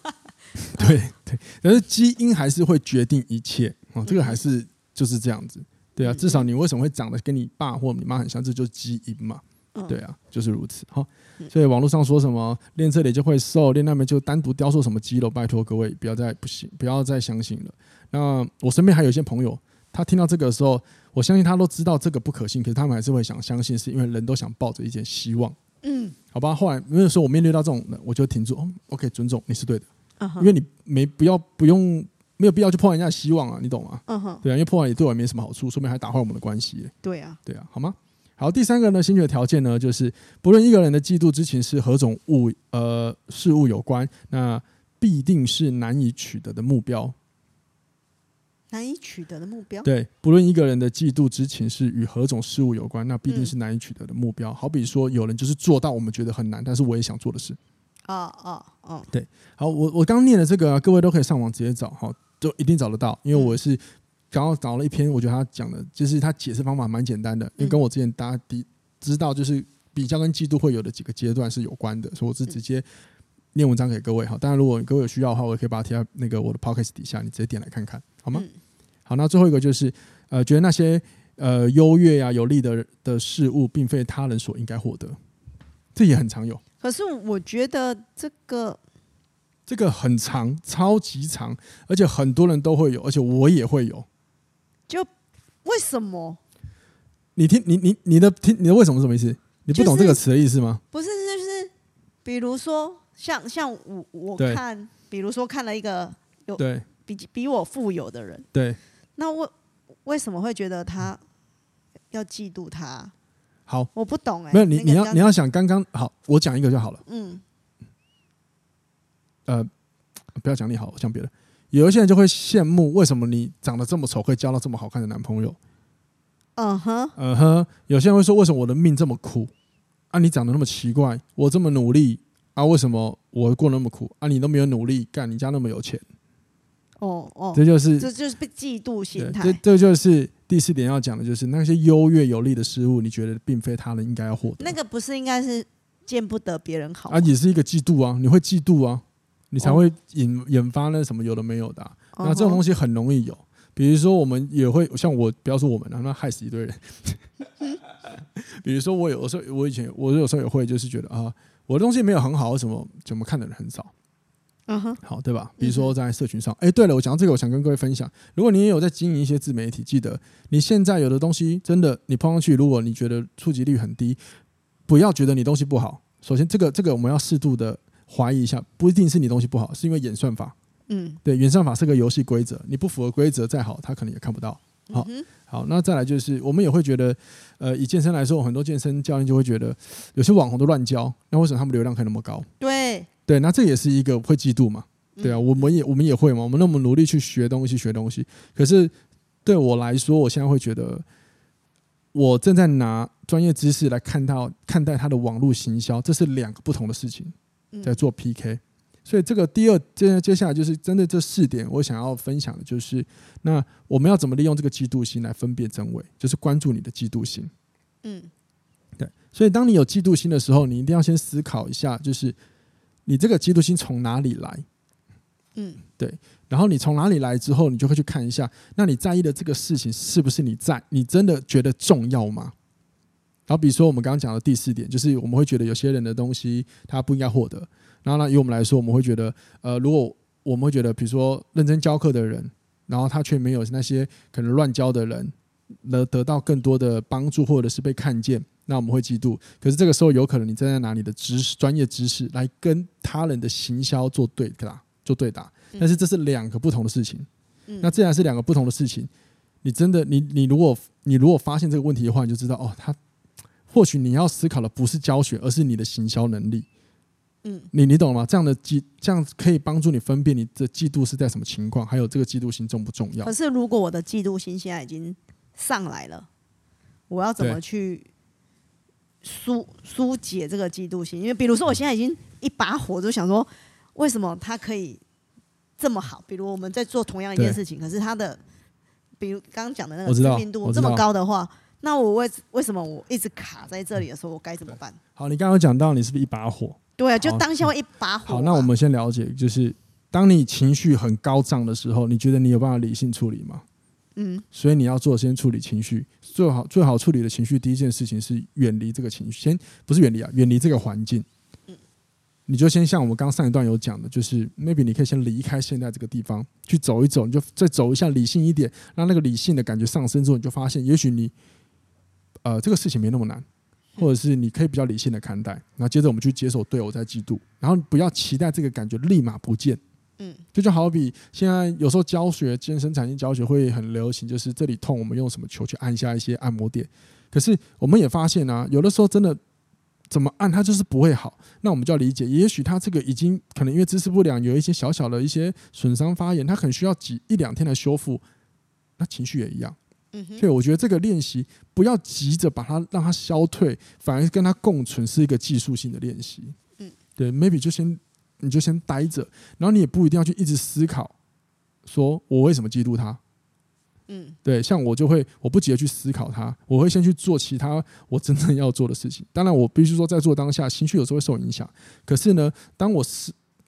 S1: 對對，但是基因還是會決定一切啊，這個還是就是這樣子。對啊，至少你為什麼會長得跟你爸或你媽很像，這就是基因嘛。哦、對啊，就是如此。嗯、所以網絡上說什麼練這裡就會瘦，練那邊就單獨雕塑什麼肌肉，拜托各位不要再不信，不要再相信了。那我身邊還有一些朋友，他聽到這個的時候，我相信他都知道這個不可信，可是他們還是會想相信，是因為人都想抱着一件希望。嗯，好吧。後來那時候我面對到這種的，我就停住、哦。OK，尊重，你是對的，因為你沒不要不用沒有必要去破壞人家的希望啊，你懂嗎、啊？嗯、哼對啊，因為破壞也對我也沒什麼好處，說不定還打壞我們的關係、欸。對啊，對啊，好嗎？好，第三個呢，先決條件呢，就是不論一個人的嫉妒之情是何種物、呃事物有關，那必定是難以取得的目標。
S2: 難以取得的目
S1: 標。對，不論一個人的嫉妒之情是與何種事物有關，那必定是難以取得的目標。嗯、好比說，有人就是做到我們覺得很難，但是我也想做的事。
S2: 啊啊啊！哦
S1: 哦、對，好，我我剛念的這個、啊，各位都可以上網直接找哈、哦，就一定找得到，因為我是。嗯然後找了一篇，我覺得他講的，就是他解釋方法蠻簡單的，因為跟我之前大家的知道，就是比較跟嫉妒會有的幾個階段是有關的，所以我是直接念文章給各位哈。當然，如果各位有需要的話，我也可以把它貼在那個我的 podcast 底下，你直接點來看看好嗎？好，那最後一個就是，呃，覺得那些呃優越啊、有利的的事物，並非他人所應該獲得，這也很常有。可
S2: 是我覺得這個
S1: 這個很常，超級常，而且很多人都會有，而且我也會有。
S2: 就為什麼？
S1: 你聽你你你的聽你的為什麼什麼意思？你不懂這個詞的意思嗎？
S2: 就是，不是，就是比如說像像我對我看，比如說看了一個有對比比我富有的人，對，那為為什麼會覺得他要嫉妒他？
S1: 好，
S2: 我不懂哎。沒有你你要你要
S1: 想剛剛好，我講一個就好了。嗯，呃，不要講你好，我講別的。有一些人就會羨慕，為什麼你長得這麼醜，可以交到這麼好看的男朋友？
S2: 嗯哼，
S1: 嗯哼。有些人會說，為什麼我的命這麼苦？啊，你長得那麼奇怪，我這麼努力啊，為什麼我過那麼苦？啊，你都沒有努力幹，你家那麼有錢。哦
S2: 哦，這就是這就是被嫉妒心態。
S1: 這這就是第四點要講的，就是那些優越有利的事物，你覺得並非他人應該要獲得。
S2: 那個不是，應該是見不得別
S1: 人好啊，也是一個嫉妒啊，你會嫉妒啊。你才會引引發那什麼有的沒有的、啊，那這種東西很容易有。比如說我們也會像我，不要說我們啊，那害死一堆人。 比如說我有時候，我以前我有時候也會就是覺得啊，我的東西沒有很好，為什麼怎麼看的人很少。嗯哼、uh，huh. 好對吧？比如說在社群上，哎、uh huh. 欸，對了，我講到這個，我想跟各位分享，如果你也有在經營一些自媒體，記得你現在有的東西真的，你碰上去，如果你覺得觸及率很低，不要覺得你東西不好。首先，這個這個我們要適度的。懷疑一下，不一定是你的東西不好，是因為演算法。嗯，對，演算法是個遊戲規則，你不符合規則，再好，他可能也看不到。好，嗯哼，好，那再來就是，我們也會覺得，呃，以健身來說，很多健身教練就會覺得，有些網紅都亂教，那為什麼他們流量可以那麼高？
S2: 對，
S1: 對，那這也是一個會嫉妒嘛。對啊，嗯，我們也我們也會嘛，我們那麼努力去學東西，學東西，可是對我來說，我現在會覺得，我正在拿專業知識來看到看待他的網絡行銷，這是兩個不同的事情。在做 PK，所以這個第二接接下來就是針對這四點，我想要分享的就是，那我們要怎麼利用這個嫉妒心來分辨真偽？就是關注你的嫉妒心。嗯，對。所以當你有嫉妒心的時候，你一定要先思考一下，就是你這個嫉妒心從哪裡來？
S3: 嗯，
S1: 對。然後你從哪裡來之後，你就會去看一下，那你在意的這個事情，是不是你在，你真的覺得重要嗎？然後，比如說我們剛剛講的第四點，就是我們會覺得有些人的東西他不應該獲得。然後呢，以我們來說，我們會覺得，呃，如果我們會覺得，比如說認真教課的人，然後他卻沒有那些可能亂教的人，能得到更多的幫助或者是被看見，那我們會嫉妒。可是這個時候，有可能你正在拿你的知識、專業知識來跟他人的行銷做對答，做對打。但是這是兩個不同的事情。那既然是兩個不同的事情，你真的，你你如果你如果發現這個問題的話，你就知道哦，他。或許你要思考的不是教學，而是你的行銷能力。嗯，你你懂了嗎？這樣的嫉，這樣可以幫助你分辨你的嫉妒是在什麼情況，還有這個嫉妒心重不重要？可
S2: 是如果我的嫉妒心現在已經上來了，我要怎麼去疏疏對解這個嫉妒心？因為比如說，我現在已經一把火就想說，為什麼它可以這麼好？比如我們在做同樣一件事情，對可是它的，比如剛剛講的那個知名度這麼高的話。那我為為什麼我一直卡在這裡的時候，我該怎麼
S1: 辦？好，你剛剛講到，你是不是一把火？對啊，好就當下會
S2: 一把火。好，那
S1: 我們先了解，就是當你情緒很高漲的時候，你覺得你有辦法理性處理嗎？嗯。所以你要做，先處理情緒，最好最好處理的情緒，第一件事情是遠離這個情緒，先不是遠離啊，遠離這個環境。嗯。你就先像我們剛上一段有講的，就是 maybe 你可以先離開現在這個地方，去走一走，你就再走一下，理性一點，讓那個理性的感覺上升之後，你就發現，也許你。呃，這個事情沒那麼難，或者是你可以比較理性的看待。那接着我們去接受隊友在嫉妒，然後不要期待這個感覺立馬不見。嗯，就就好比現在有時候教學健身產業教學會很流行，就是這裡痛，我們用什麼球去按下一些按摩點。可是我們也發現啊，有的時候真的怎麼按它就是不會好，那我們就要理解，也許他這個已經可能因為姿勢不良，有一些小小的一些損傷發炎，他很需要幾一兩天來修復。那情緒也一樣。對，我覺得這個練習不要急着把它讓它消退，反而跟它共存是一個技術性的練習。嗯，對，maybe 就先你就先待着，然後你也不一定要去一直思考，說我為什麼嫉妒他？
S3: 嗯，
S1: 對，像我就會，我不急着去思考他，我會先去做其他我真正要做的事情。當然，我必須說，在做當下情緒有時候會受影響。可是呢，當我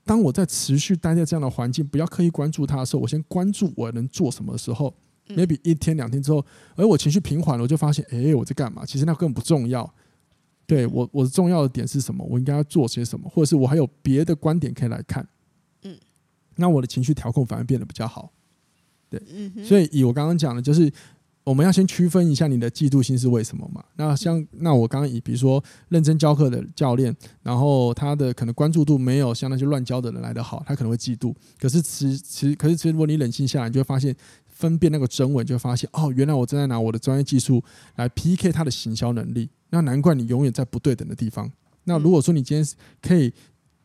S1: 當我在持續待在這樣的環境，不要刻意關注它的時候，我先關注我能做什麼的時候。maybe、嗯、一天兩天之後，而我情緒平緩了，我就發現，誒、欸，我在幹嘛？其實那根本不重要。對我，我的重要的點是什麼？我應該要做些什麼？或者是我還有別的觀點可以來看？嗯，那我的情緒調控反而變得比較好。對，所以以我剛剛講的，就是我們要先區分一下你的嫉妒心是為什麼嘛？那像那我剛剛以比如說認真教課的教練，然後他的可能關注度沒有像那些亂教的人來得好，他可能會嫉妒。可是，其實可是其實如果你冷靜下來，你就會發現。分辨那個真偽，就發現哦，原來我正在拿我的專業技術來 PK 他的行銷能力。那難怪你永遠在不對等的地方。那如果說你今天可以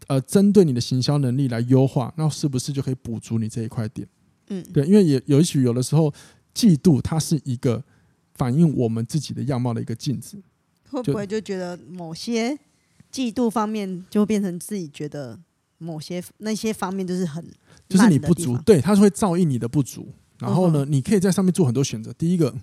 S1: 呃，針對你的行銷能力來優化，那是不是就可以補足你這一塊點？嗯，對，因為也，也許有的時候，嫉妒它是一個反映我們自己的樣貌的一個鏡子。
S2: 會不會就覺得某些嫉妒方面就變成自己覺得某些那些方面就是很
S1: 就是你不足？對，它是會照應你的不足。然後呢，你可以在上面做很多選擇。第一個，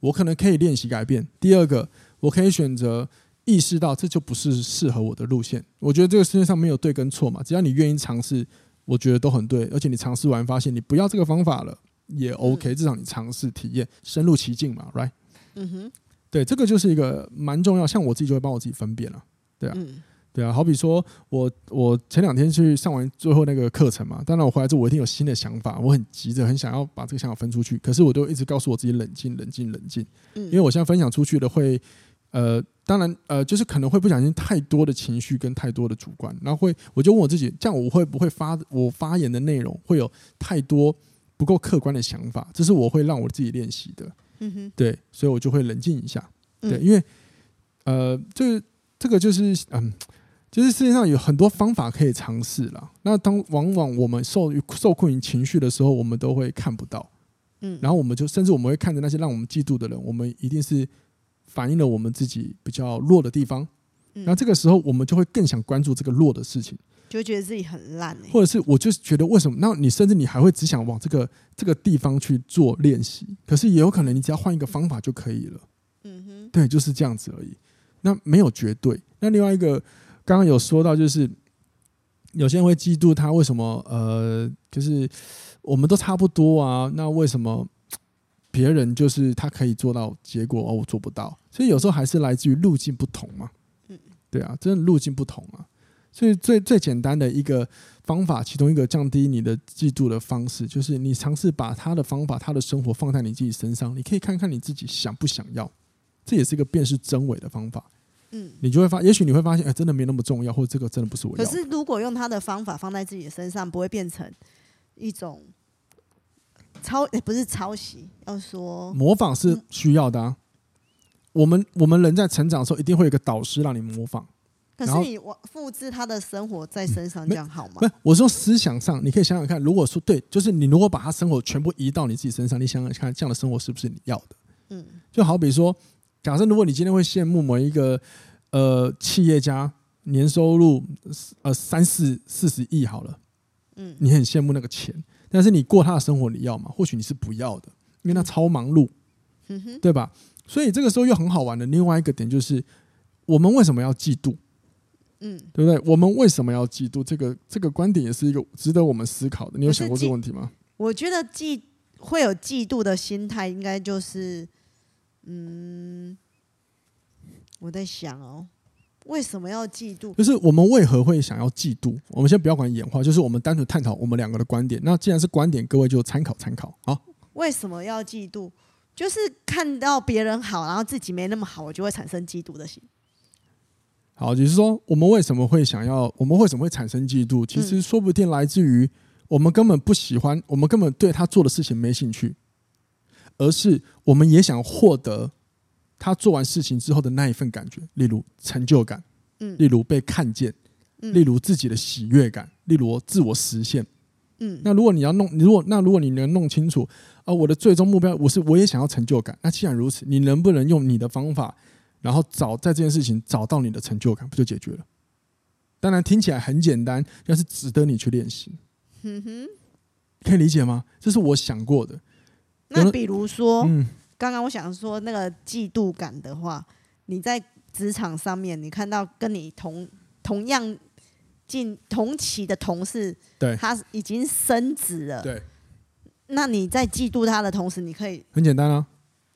S1: 我可能可以練習改變；第二個，我可以選擇意識到這就不是適合我的路線。我覺得這個世界上沒有對跟錯嘛，只要你願意嘗試，我覺得都很對。而且你嘗試完發現你不要這個方法了，也 OK。至少你嘗試體驗，深入其境嘛，Right？嗯哼，對，這個就是一個蠻重要。像我自己就會幫我自己分辨了啊，對啊。嗯對啊，好比說我我前兩天去上完最後那個課程嘛，當然我回來之後我一定有新的想法，我很急着很想要把這個想法分出去，可是我都一直告訴我自己冷靜冷靜冷靜，因為我現在分享出去的會呃當然呃就是可能會不小心太多的情緒跟太多的主觀，然後會我就問我自己，這樣我會不會發我發言的內容會有太多不夠客觀的想法，這是我會讓我自己練習的，嗯
S3: 哼，對，
S1: 所以我就會冷靜一下，對，因為呃就這個就是嗯。呃就是世界上有很多方法可以嘗試了。那當往往我們受受困於情緒的時候，我們都會看不到，嗯，然後我們就甚至我們會看着那些讓我們嫉妒的人，我們一定是反映了我們自己比較弱的地方。那、嗯、這個時候我們就會更想關注這個弱的事情，
S2: 就會覺得自己很爛，欸，
S1: 或者是我就覺得為什麼？那你甚至你還會只想往這個這個地方去做練習，可是也有可能你只要換一個方法就可以了。嗯哼，對，就是這樣子而已。那沒有絕對。那另外一個。剛剛有說到，就是有些人會嫉妒他，為什麼？呃，就是我們都差不多啊，那為什麼別人就是他可以做到結果，而我做不到？所以有時候還是來自於路徑不同嘛。對啊，真的路徑不同啊。所以最最簡單的一個方法，其中一個降低你的嫉妒的方式，就是你嘗試把他的方法，他的生活放在你自己身上，你可以看看你自己想不想要。這也是一個辨識真偽的方法。你就會發，也許你會發現，哎、欸，真的沒那麼重要，或者這個真的不是我要的。可是，
S2: 如果用他的方法放在自己的身上，不會變成一種抄、欸，不是抄襲，要說
S1: 模仿是需要的、啊。嗯、我們我們人在成長的時候，一定會有一個導師讓你模仿。可是你然後，我
S2: 複制他的生活在身上
S1: 這樣好嗎？不是、嗯，我說思想上，你可以想想看，如果說對，就是你如果把他生活全部移到你自己身上，你想想看，這樣的生活是不是你要的？嗯，就好比說，假設如果你今天會羨慕某一個。呃，企業家年收入呃三四四十億好了，嗯，你很羨慕那個錢，但是你過他的生活，你要嗎？或許你是不要的，因為他超忙碌，嗯哼，對吧？所以這個時候又很好玩的另外一個點就是，我們為什麼要嫉妒？嗯，對不對？我們為什麼要嫉妒？這個這個觀點也是一個值得我們思考的。你有想過這個問題嗎？
S2: 我，我覺得嫉會有嫉妒的心態，應該就是嗯。我在想哦，為什麼要嫉妒？
S1: 就是我們為何會想要嫉妒？我們先不要管演化，就是我們單純探討我們兩個的觀點。那既然是觀點，各位就參考參考啊。
S2: 為什麼要嫉妒？就是看到別人好，然後自己沒那麼好，我就會產生嫉妒的
S1: 心。好，就是說我們為什麼會想要，我們為什麼會產生嫉妒？其實說不定來自於我們根本不喜歡，我們根本對他做的事情沒興趣，而是我們也想獲得，他做完事情之後的那一份感覺，例如成就感，嗯、例如被看見，嗯、例如自己的喜悅感，例如自我實現，嗯。那如果你要弄，你如果那如果你能弄清楚，啊、呃，我的最終目標，我是我也想要成就感。那既然如此，你能不能用你的方法，然後找在這件事情找到你的成就感，不就解決了？當然聽起來很簡單，但是值得你去練習。嗯、哼，可以理解嗎？這是我想過的。
S2: 那比如說，剛剛我想說那個嫉妒感的話，你在職場上面，你看到跟你同同樣進同期的同事，對，他已經升職了，對，那你在嫉妒他的同時，你可以
S1: 很簡單啊，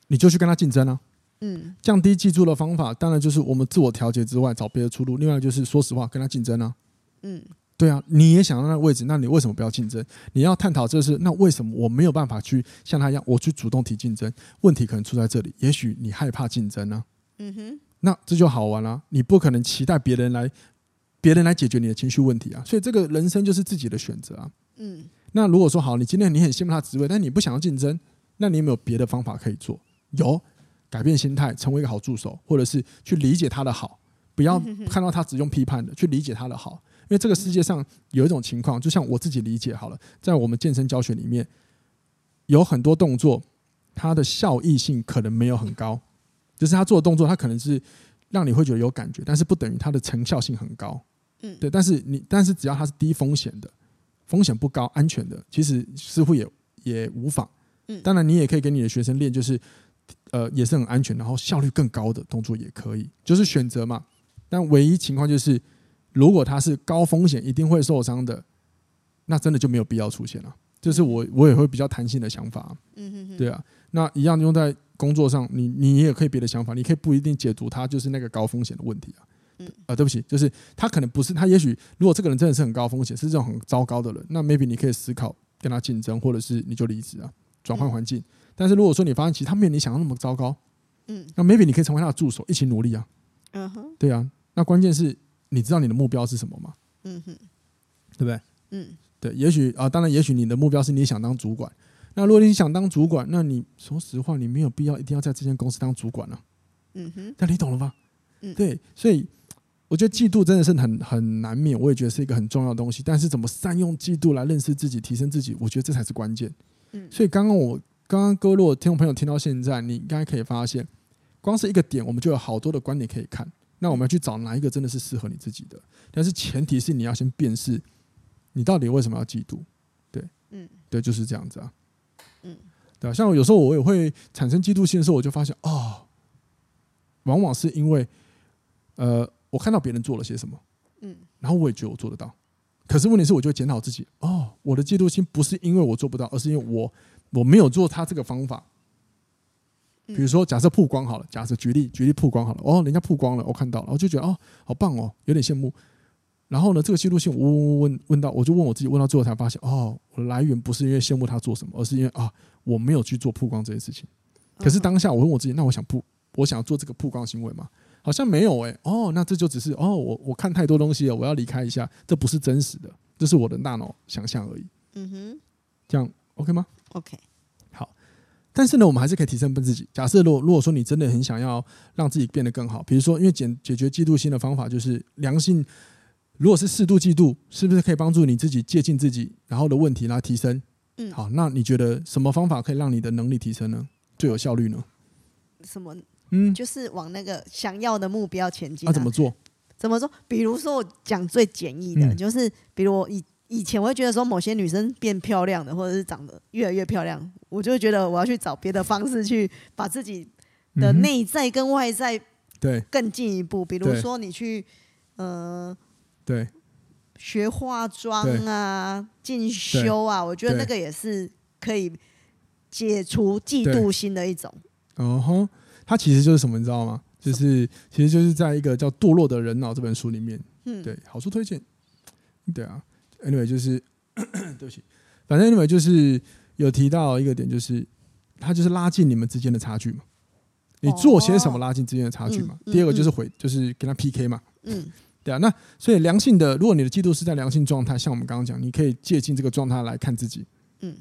S1: 你就去跟他競爭啊，嗯，降低嫉妒的方法，當然就是我們自我調節之外，找別的出路。另外就是說實話，跟他競爭啊，嗯。對啊，你也想要那個位置，那你為什麼不要競爭？你要探討這是，那為什麼我沒有辦法去像他一樣，我去主動提競爭？問題可能出在這裡，也許你害怕競爭呢、啊。嗯
S3: 哼，
S1: 那這就好玩了、啊。你不可能期待別人來，別人來解決你的情緒問題啊。所以這個人生就是自己的選擇啊。嗯，那如果說好，你今天你很羨慕他職位，但你不想要競爭，那你有沒有別的方法可以做？有，改變心態，成為一個好助手，或者是去理解他的好，不要看到他只用批判的，嗯哼，去理解他的好。因為這個世界上有一種情況，就像我自己理解好了，在我們健身教學裡面，有很多動作，它的效益性可能沒有很高，就是他做的動作，他可能是讓你會覺得有感覺，但是不等於它的成效性很高。嗯，對，但是你，但是只要它是低風險的，風險不高，安全的，其實似乎也也無妨。
S3: 嗯，當然
S1: 你也可以給你的學生練，就是呃，也是很安全，然後效率更高的動作也可以，就是選擇嘛。但唯一情況就是。如果他是高風險，一定會受傷的，那真的就沒有必要出現了、啊。就是我，我也會比較彈性的想法、啊，嗯嗯，對啊。那一樣用在工作上，你你也可以別的想法，你可以不一定解讀他就是那個高風險的問題啊。嗯、呃、啊，對不起，就是他可能不是他，也許如果這個人真的是很高風險，是這種很糟糕的人，那 maybe 你可以思考跟他競爭，或者是你就離職啊，轉換環境。嗯、但是如果說你發現其實他沒有你想的那麼糟糕，嗯，那 maybe 你可以成為他的助手，一起努力啊。嗯哼，對啊。那關鍵是。你知道你的目標是什麼嗎？嗯哼，對不對？嗯，對。也許啊、呃，當然，也許你的目標是你想當主管。那如果你想當主管，那你說實話，你沒有必要一定要在這間公司當主管了、啊。
S3: 嗯哼，那你懂
S1: 了嗎？嗯，對。所以我覺得嫉妒真的是很很難免，我也覺得是一個很重要的東西。但是怎麼善用嫉妒來認識自己、提升自己，我覺得這才是關鍵。嗯，所以剛剛我剛剛各位如果聽眾朋友聽到現在，你應該可以發現，光是一個點，我們就有好多的觀點可以看。那我們要去找哪一個真的是適合你自己的？但是前提是你要先辨識，你到底為什麼要嫉妒？對，嗯，對，就是這樣子啊，嗯，對，像有時候我也會產生嫉妒心的時候，我就發現，哦，往往是因為，呃，我看到別人做了些什麼，嗯，然後我也覺得我做得到，可是問題是，我就會檢討自己，哦，我的嫉妒心不是因為我做不到，而是因為我我沒有做他這個方法。嗯、比如說，假設曝光好了，假設舉例舉例曝光好了，哦，人家曝光了，我、哦、看到了，我就覺得哦，好棒哦，有點羨慕。然後呢，這個嫉妒心，我問問問到，我就問我自己，問到最後才發現，哦，我的來源不是因為羨慕他做什麼，而是因為啊、哦，我沒有去做曝光這件事情。可是當下我問我自己，那我想曝，我想要做這個曝光行為嗎？好像沒有誒、欸。哦，那這就只是哦，我我看太多東西了，我要離開一下。這不是真實的，這是我的大腦想象而已。嗯
S3: 哼，
S1: 這樣 OK 嗎？OK。但是呢，我們還是可以提升自己。假設如果如果說你真的很想要讓自己變得更好，比如說，因為解解決嫉妒心的方法就是良性，如果是適度嫉妒，是不是可以幫助你自己接近自己，然後的問題來提升？嗯，好，那你覺得什麼方法可以讓你的能力提升呢？最有效率呢？什麼？嗯，
S2: 就是往那個想要的目標前進、啊。那、嗯啊、怎麼做？怎麼做？比如說，我講最簡易的，嗯、就是比如我一以前我會覺得說某些女生變漂亮的，或者是長得越來越漂亮，我就會覺得我要去找別的方式去把自己的內在跟外在對更進一步。嗯、比如說你去嗯、呃、
S1: 對
S2: 學化妝啊進對修啊，我覺得那個也是可以解除嫉妒心的一種。
S1: 嗯哼、uh huh，它其實就是什麼你知道嗎？就是其實就是在一個叫《墮落的人腦》這本書裡面，嗯、對好書推薦，對啊。Anyway，就是咳咳，對不起，反正 Anyway 就是有提到一個點，就是他就是拉近你們之間的差距嘛。你做些什麼拉近之間的差距嘛？哦嗯、第二個就是回，嗯嗯、就是跟他 PK 嘛。
S3: 嗯、
S1: 對啊。那所以良性的，如果你的嫉妒是在良性狀態，像我們剛剛講，你可以借進這個狀態來看自己。嗯。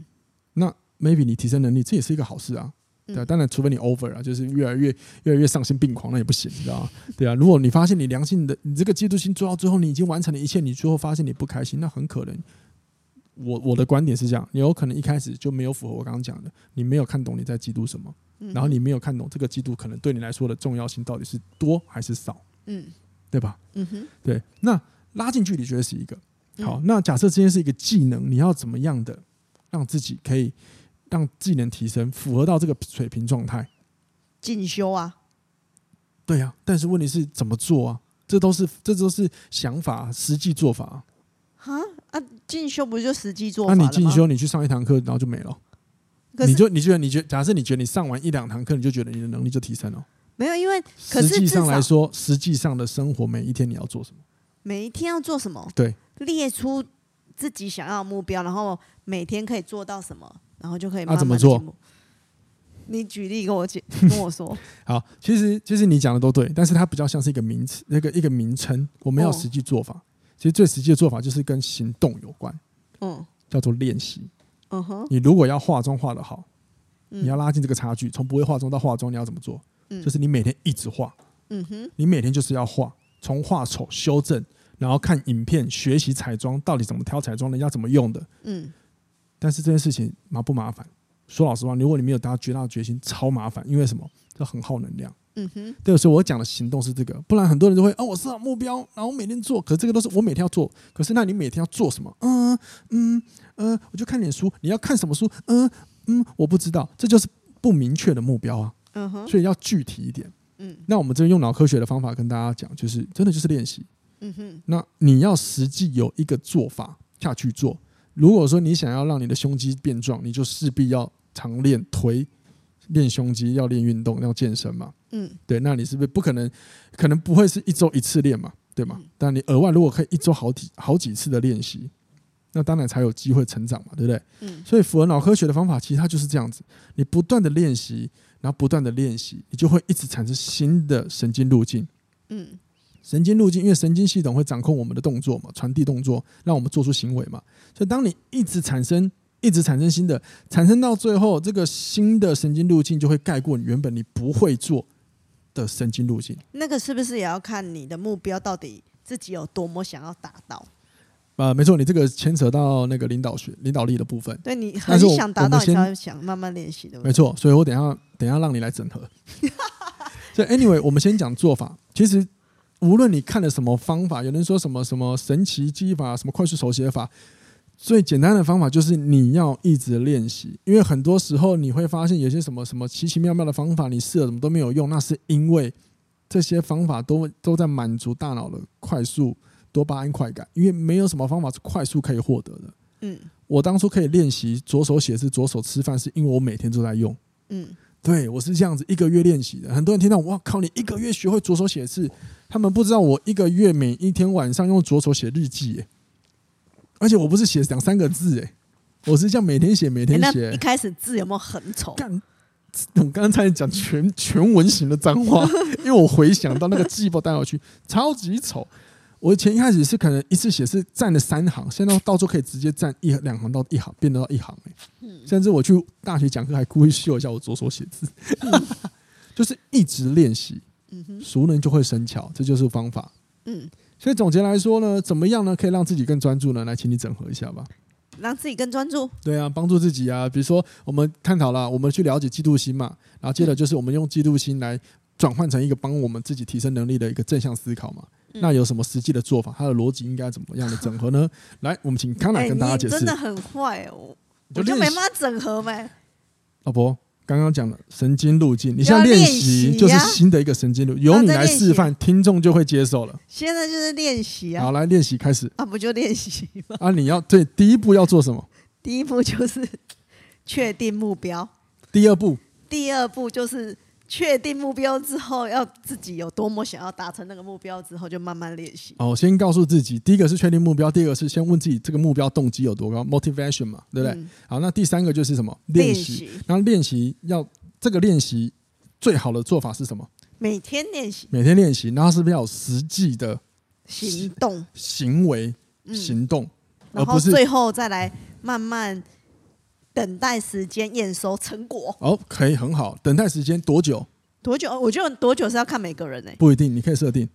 S1: 那 Maybe 你提升能力，這也是一個好事啊。對，當然，除非你 over 啊，就是越來越越來越喪心病狂，那也不行，你知道嗎？對啊，如果你發現你良性的，你這個嫉妒心做到最後，你已經完成了一切，你最後發現你不開心，那很可能，我我的觀點是這樣，你有可能一開始就沒有符合我剛剛講的，你沒有看懂你在嫉妒什麼，嗯哼，然後你沒有看懂這個嫉妒可能對你來說的重要性到底是多還是少，嗯，對吧？嗯哼，對，那拉近距離絕對是一個好。嗯、那假設這件事是一個技能，你要怎麼樣的讓自己可以？讓技能提升，符合到這個水平狀態。進修啊，對啊，但是問題是怎麼做啊？這都是這都是想法，實際做法啊
S2: 哈啊！進修不就實際做法？那、啊、你進修，
S1: 你去上一堂課，然後就沒了、喔。
S2: 是你
S1: 就你覺得你覺得，假設你覺得你上完一兩堂課，你就覺得你的能力就提升了、喔？
S2: 沒有，因為可是實際上來
S1: 說，實際上的生活每一天你要做什麼？
S2: 每一天要做什麼？對，列出自己想要的目標，然後每天可以做到什麼？然後就可以。那怎麼做？你舉例跟我講，跟我說。
S1: 好，其實其實你講的都對，但是它比較像是一個名詞，那個一個名稱。我們要有實際做法，哦、其實最實際的做法就是跟行動有關。嗯，哦、叫做練習。嗯哼、
S3: uh，huh、你
S1: 如果要化妝化得好，
S3: 嗯、你要拉
S1: 近這個差距，從不會化妝到化妝，你要怎麼做？
S3: 嗯、就是你
S1: 每天一直化。嗯
S3: 哼，你
S1: 每天就是要化，從化醜修正，然後看影片學習彩妝到底怎麼挑彩妝，人家怎麼用的。嗯。但是這件事情麻不麻煩？說老實話，如果你沒有達到絕大的決心，超麻煩。因為什麼？這很耗能量。嗯哼。對，所以我講的行動是這個。不然很多人都會哦，我設目標，然後我每天做。可是這個都是我每天要做。可是那你每天要做什麼？呃、嗯嗯嗯、呃、我就看點書。你要看什麼書？嗯、呃、嗯，我不知道。這就是不明確的目標啊。嗯哼。所以要具體一點。嗯。那我們這邊用腦科學的方法跟大家講，就是真的就是練習。嗯哼。那你要實際有一個做法下去做。如果說你想要讓你的胸肌變壯，你就勢必要常練腿，練胸肌要練運動要健身嘛，嗯，對，那你是不是不可能，可能不會是一周一次練嘛，對嗎？嗯，但你額外如果可以一周好幾好幾次的練習，那當然才有機會成長嘛，對不對？嗯，所以符合腦科學的方法，其實它就是這樣子，你不斷的練習，然後不斷的練習，你就會一直產生新的神經路徑，嗯。神經路徑，因為神經系統會掌控我們的動作嘛，傳遞動作，讓我們做出行為嘛。所以當你一直產生、一直產生新的，產生到最後，這個新的神經路徑就會蓋過你原本你不會做的神經路徑。
S2: 那個是不是也要看你的目標到底自己有多麼想要達到？
S1: 啊、呃，沒錯，你這個牽扯到那個領導學、領導力的部分。對你還是你想達到你才會想慢慢練習的？對對沒錯，所以我等一下等一下讓你來整合。 所以 anyway，我們先講做法，其實。無論你看了什麼方法，有人說什麼什麼神奇記憶法，什麼快速手寫法，最簡單的方法就是你要一直練習。因為很多時候你會發現有些什麼什麼奇奇妙妙的方法，你試了什麼都沒有用，那是因為這些方法都都在滿足大腦的快速多巴胺快感。因為沒有什麼方法是快速可以獲得的。嗯，我當初可以練習左手寫字、左手吃飯，是因為我每天都在用。嗯。對，我是這樣子一個月練習的。很多人聽到“哇靠”，你一個月學會左手寫字，他們不知道我一個月每一天晚上用左手寫日記、欸，而且我不是寫兩三個字、欸，我是這樣每天寫，每天寫、欸。那一開
S2: 始字有沒有很醜？我
S1: 剛剛才講全全文型的髒話， 因為我回想到那個記報單要去，超級醜。我以前一開始是可能一次寫是佔了三行，現在到處可以直接佔一兩行到一行，變得到一行、欸、嗯、甚至我去大學講課還故意秀一下我左手寫字，嗯、 就是一直練習，嗯、哼熟能就會生巧，這就是方法。嗯。所以總結來說呢，怎麼樣呢，可以讓自己更專注呢？來，請你整合一下吧。
S2: 讓自己更專注。
S1: 對啊，幫助自己啊。比如說，我們探討了、啊，我們去了解嫉妒心嘛，然後接着就是我們用嫉妒心來轉換成一個幫我們自己提升能力的一個正向思考嘛。嗯、那有什麼實際的做法？它的邏輯應該怎麼樣的整合呢？來，我們請 Kana、欸、跟大家解釋。真的
S2: 很壞、欸，我就，我就沒辦法整合唄、欸。
S1: 老婆剛剛講了神經路徑，你像練習就是新的一個神經路，由、啊、你來示範，聽眾就會接受了。
S2: 現在就是練習啊，好，
S1: 來練習開始
S2: 啊，不就練習
S1: 嗎？啊，你要對第一步要做什麼？
S2: 第一步就是確定目標。第二步？第二步就是。確定目標之後，要自己有多麼想要達成那個目標之後，就慢慢練習。
S1: 哦，先告訴自己，第一個是確定目標，第二個是先問自己這個目標動機有多高，motivation 嘛，對不對？嗯、好，那第三個就是什麼？練習。練習。然後練習要這個練習最好的做法是什麼？
S2: 每天練習。
S1: 每天練習，那是不是要有實際的行動行、行為、行動，嗯、然後而不是最
S2: 後再來慢慢。等待時間驗收成果
S1: 哦，OK，很好。等待時間多久？
S2: 多久？我覺得多久是要看每個人呢、欸？
S1: 不一定。你可以設定。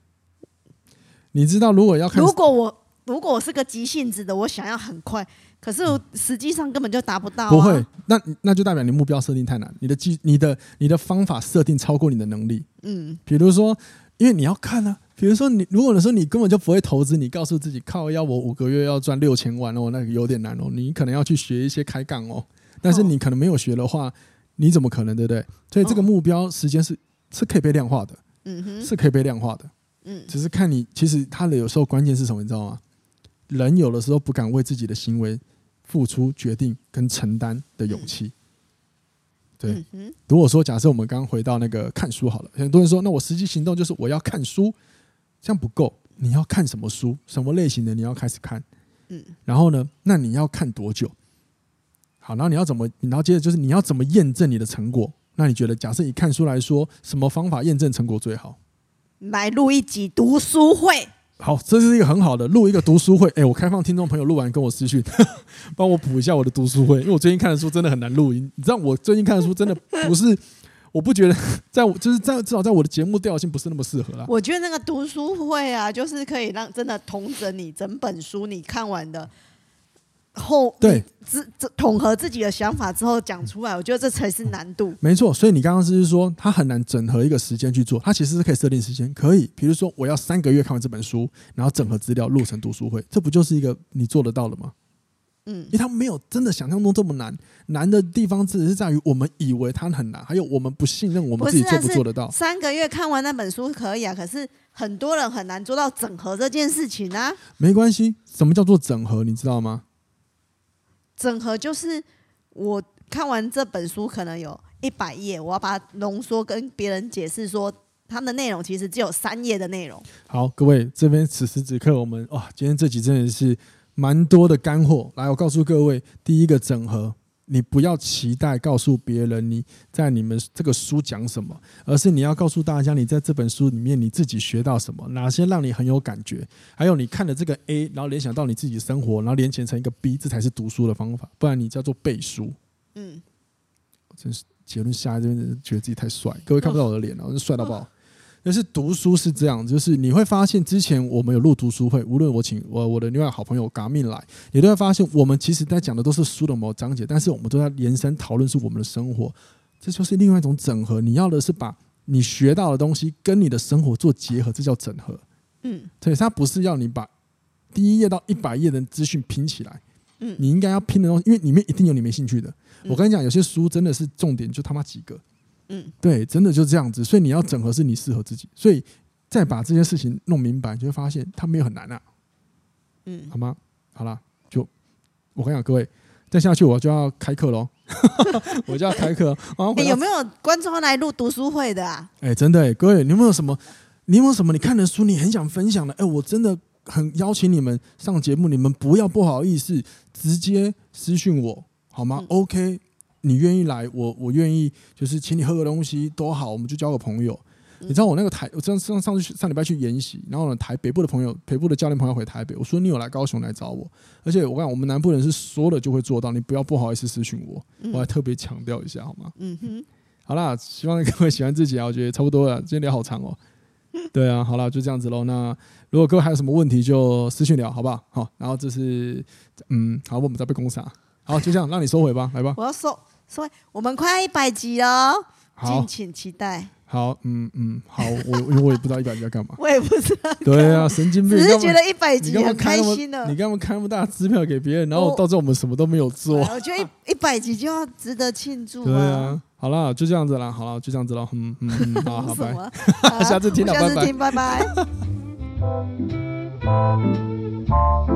S1: 你知道，如果要看，如
S2: 果我如果我是個急性子的，我想要很快，可是實際上根本就達不到、啊。不會，
S1: 那那就代表你目標設定太難，你的技、你的、你的方法設定超過你的能力。
S2: 嗯，
S1: 比如說。因為你要看啊，比如說你，如果你說你根本就不會投資，你告訴自己靠，要我五個月要賺六千萬哦、喔，那個、有點難哦、喔。你可能要去學一些開槓哦、喔，但是你可能沒有學的話，oh. 你怎麼可能對不對？所以這個目標時間是、oh. 是可以被量化的，是可以被量化的，只是看你，其實他的有時候關鍵是什麼，你知道嗎？人有的時候不敢為自己的行為付出決定跟承擔的勇氣。嗯對，如果說假設我們剛回到那個看書好了，很多人說那我實際行動就是我要看書，這樣不夠。你要看什麼書，什麼類型的你要開始看，嗯，然後呢，那你要看多久？好，然後你要怎麼？然後接着就是你要怎麼驗證你的成果？那你覺得假設以看書來說，什麼方法驗證成果最好？來錄一
S2: 集讀書會。
S1: 好，這是一個很好的錄一個讀書會。哎、欸，我開放聽眾朋友錄完跟我私訊，幫我補一下我的讀書會，因為我最近看的書真的很難錄音。你知道，我最近看的書真的不是， 我不覺得在我就是在至少在我的節目調性不是那麼適合啦。
S2: 我覺得那個讀書會啊，就是可以讓真的同整你整本書你看完的。後對，統合自己的想法之後講出來，嗯，我覺得這才是難度。
S1: 沒錯，所以你剛剛是說他很難整合一個時間去做，他其實是可以設定時間，可以，比如說我要三個月看完這本書，然後整合資料錄成讀書會，這不就是一個你做得到的嗎？
S2: 嗯，因
S1: 為他沒有真的想象中這麼難，難的地方只是在於我們以為他很難，還有我們不信任我們自己做不做得到是是。三
S2: 個月看完那本書可以啊，可是很多人很難做到整合這件事情啊。
S1: 沒關係，什麼叫做整合，你知道嗎？
S2: 整合就是我看完這本書，可能有一百頁，我要把它濃縮，跟別人解釋說，它的內容其實只有三頁的內容。
S1: 好，各位這邊此時此刻我們哇，今天這集真的是蠻多的乾貨。來，我告訴各位，第一個整合。你不要期待告訴別人你在你們這個書講什麼，而是你要告訴大家你在這本書裡面你自己學到什麼，哪些讓你很有感覺，還有你看了這個 A，然後聯想到你自己生活，然後連結成一個 B，這才是讀書的方法，不然你叫做背書。
S3: 嗯，
S1: 我真是結論下這邊覺得自己太帥，各位看不到我的臉，哦，然後就帥到爆。就是讀書是這樣，就是你會發現，之前我們有錄讀書會，無論我請我我的另外好朋友嘎命來，你都會發現，我們其實在講的都是書的某章節，但是我們都在延伸討論是我們的生活，這就是另外一種整合。你要的是把你學到的東西跟你的生活做結合，這叫整合。
S3: 嗯，
S1: 所以他不是要你把第一頁到一百頁的資訊拼起來，你應該要拼的東西，因為裡面一定有你沒興趣的。我跟你講，有些書真的是重點就他媽幾個。嗯，對，真的就這樣子，所以你要整合是你適合自己，所以再把這件事情弄明白，就會發現它沒有很難啊，嗯，好嗎？好了，就我跟你講，各位，再下去我就要開課嘍， 我就要開課、欸。有
S2: 沒有觀眾來錄讀書會的
S1: 啊？哎、欸，真的、欸，哎，各位，你有沒有什麼？你有沒有什麼你看的書你很想分享的？哎、欸，我真的很邀請你們上節目，你們不要不好意思，直接私訊我好嗎、嗯、？OK。你願意來，我我願意，就是請你喝個東西多好，我們就交個朋友。嗯、你知道我那個台，我上上上上禮拜去研習，然後呢，台北部的朋友，北部的教練朋友回台北，我說你有來高雄來找我，而且我跟你講我們南部人是說了就會做到，你不要不好意思私訊我，我還特別強調一下、嗯、好嗎？嗯哼，好啦，希望各位喜歡自己啊，我覺得差不多了，今天聊好長哦、喔。對啊，好啦，就這樣子嘍。那如果各位還有什麼問題就私訊聊，好不好？好，然後這是嗯，好，我們再被攻殺，好，就這樣，讓你收回吧，來吧，
S2: 我要收。所以，我們快一百集了，好敬請期待。
S1: 好，嗯嗯，好，我因為我也不知道一百集要幹嘛，我也不知道。 知道對啊，神經病。只是覺得一百集很開心呢。你幹嘛，嘛、哦、嘛開那麼大支票給別人，然後到時候我們什麼都沒有做。我覺
S2: 得一百集就要值得慶祝 對啊！
S1: 好了，就這樣子了。好了，就這樣子了。嗯嗯，好 麼好拜啦拜， 下，次下次聽，下次聽，拜拜。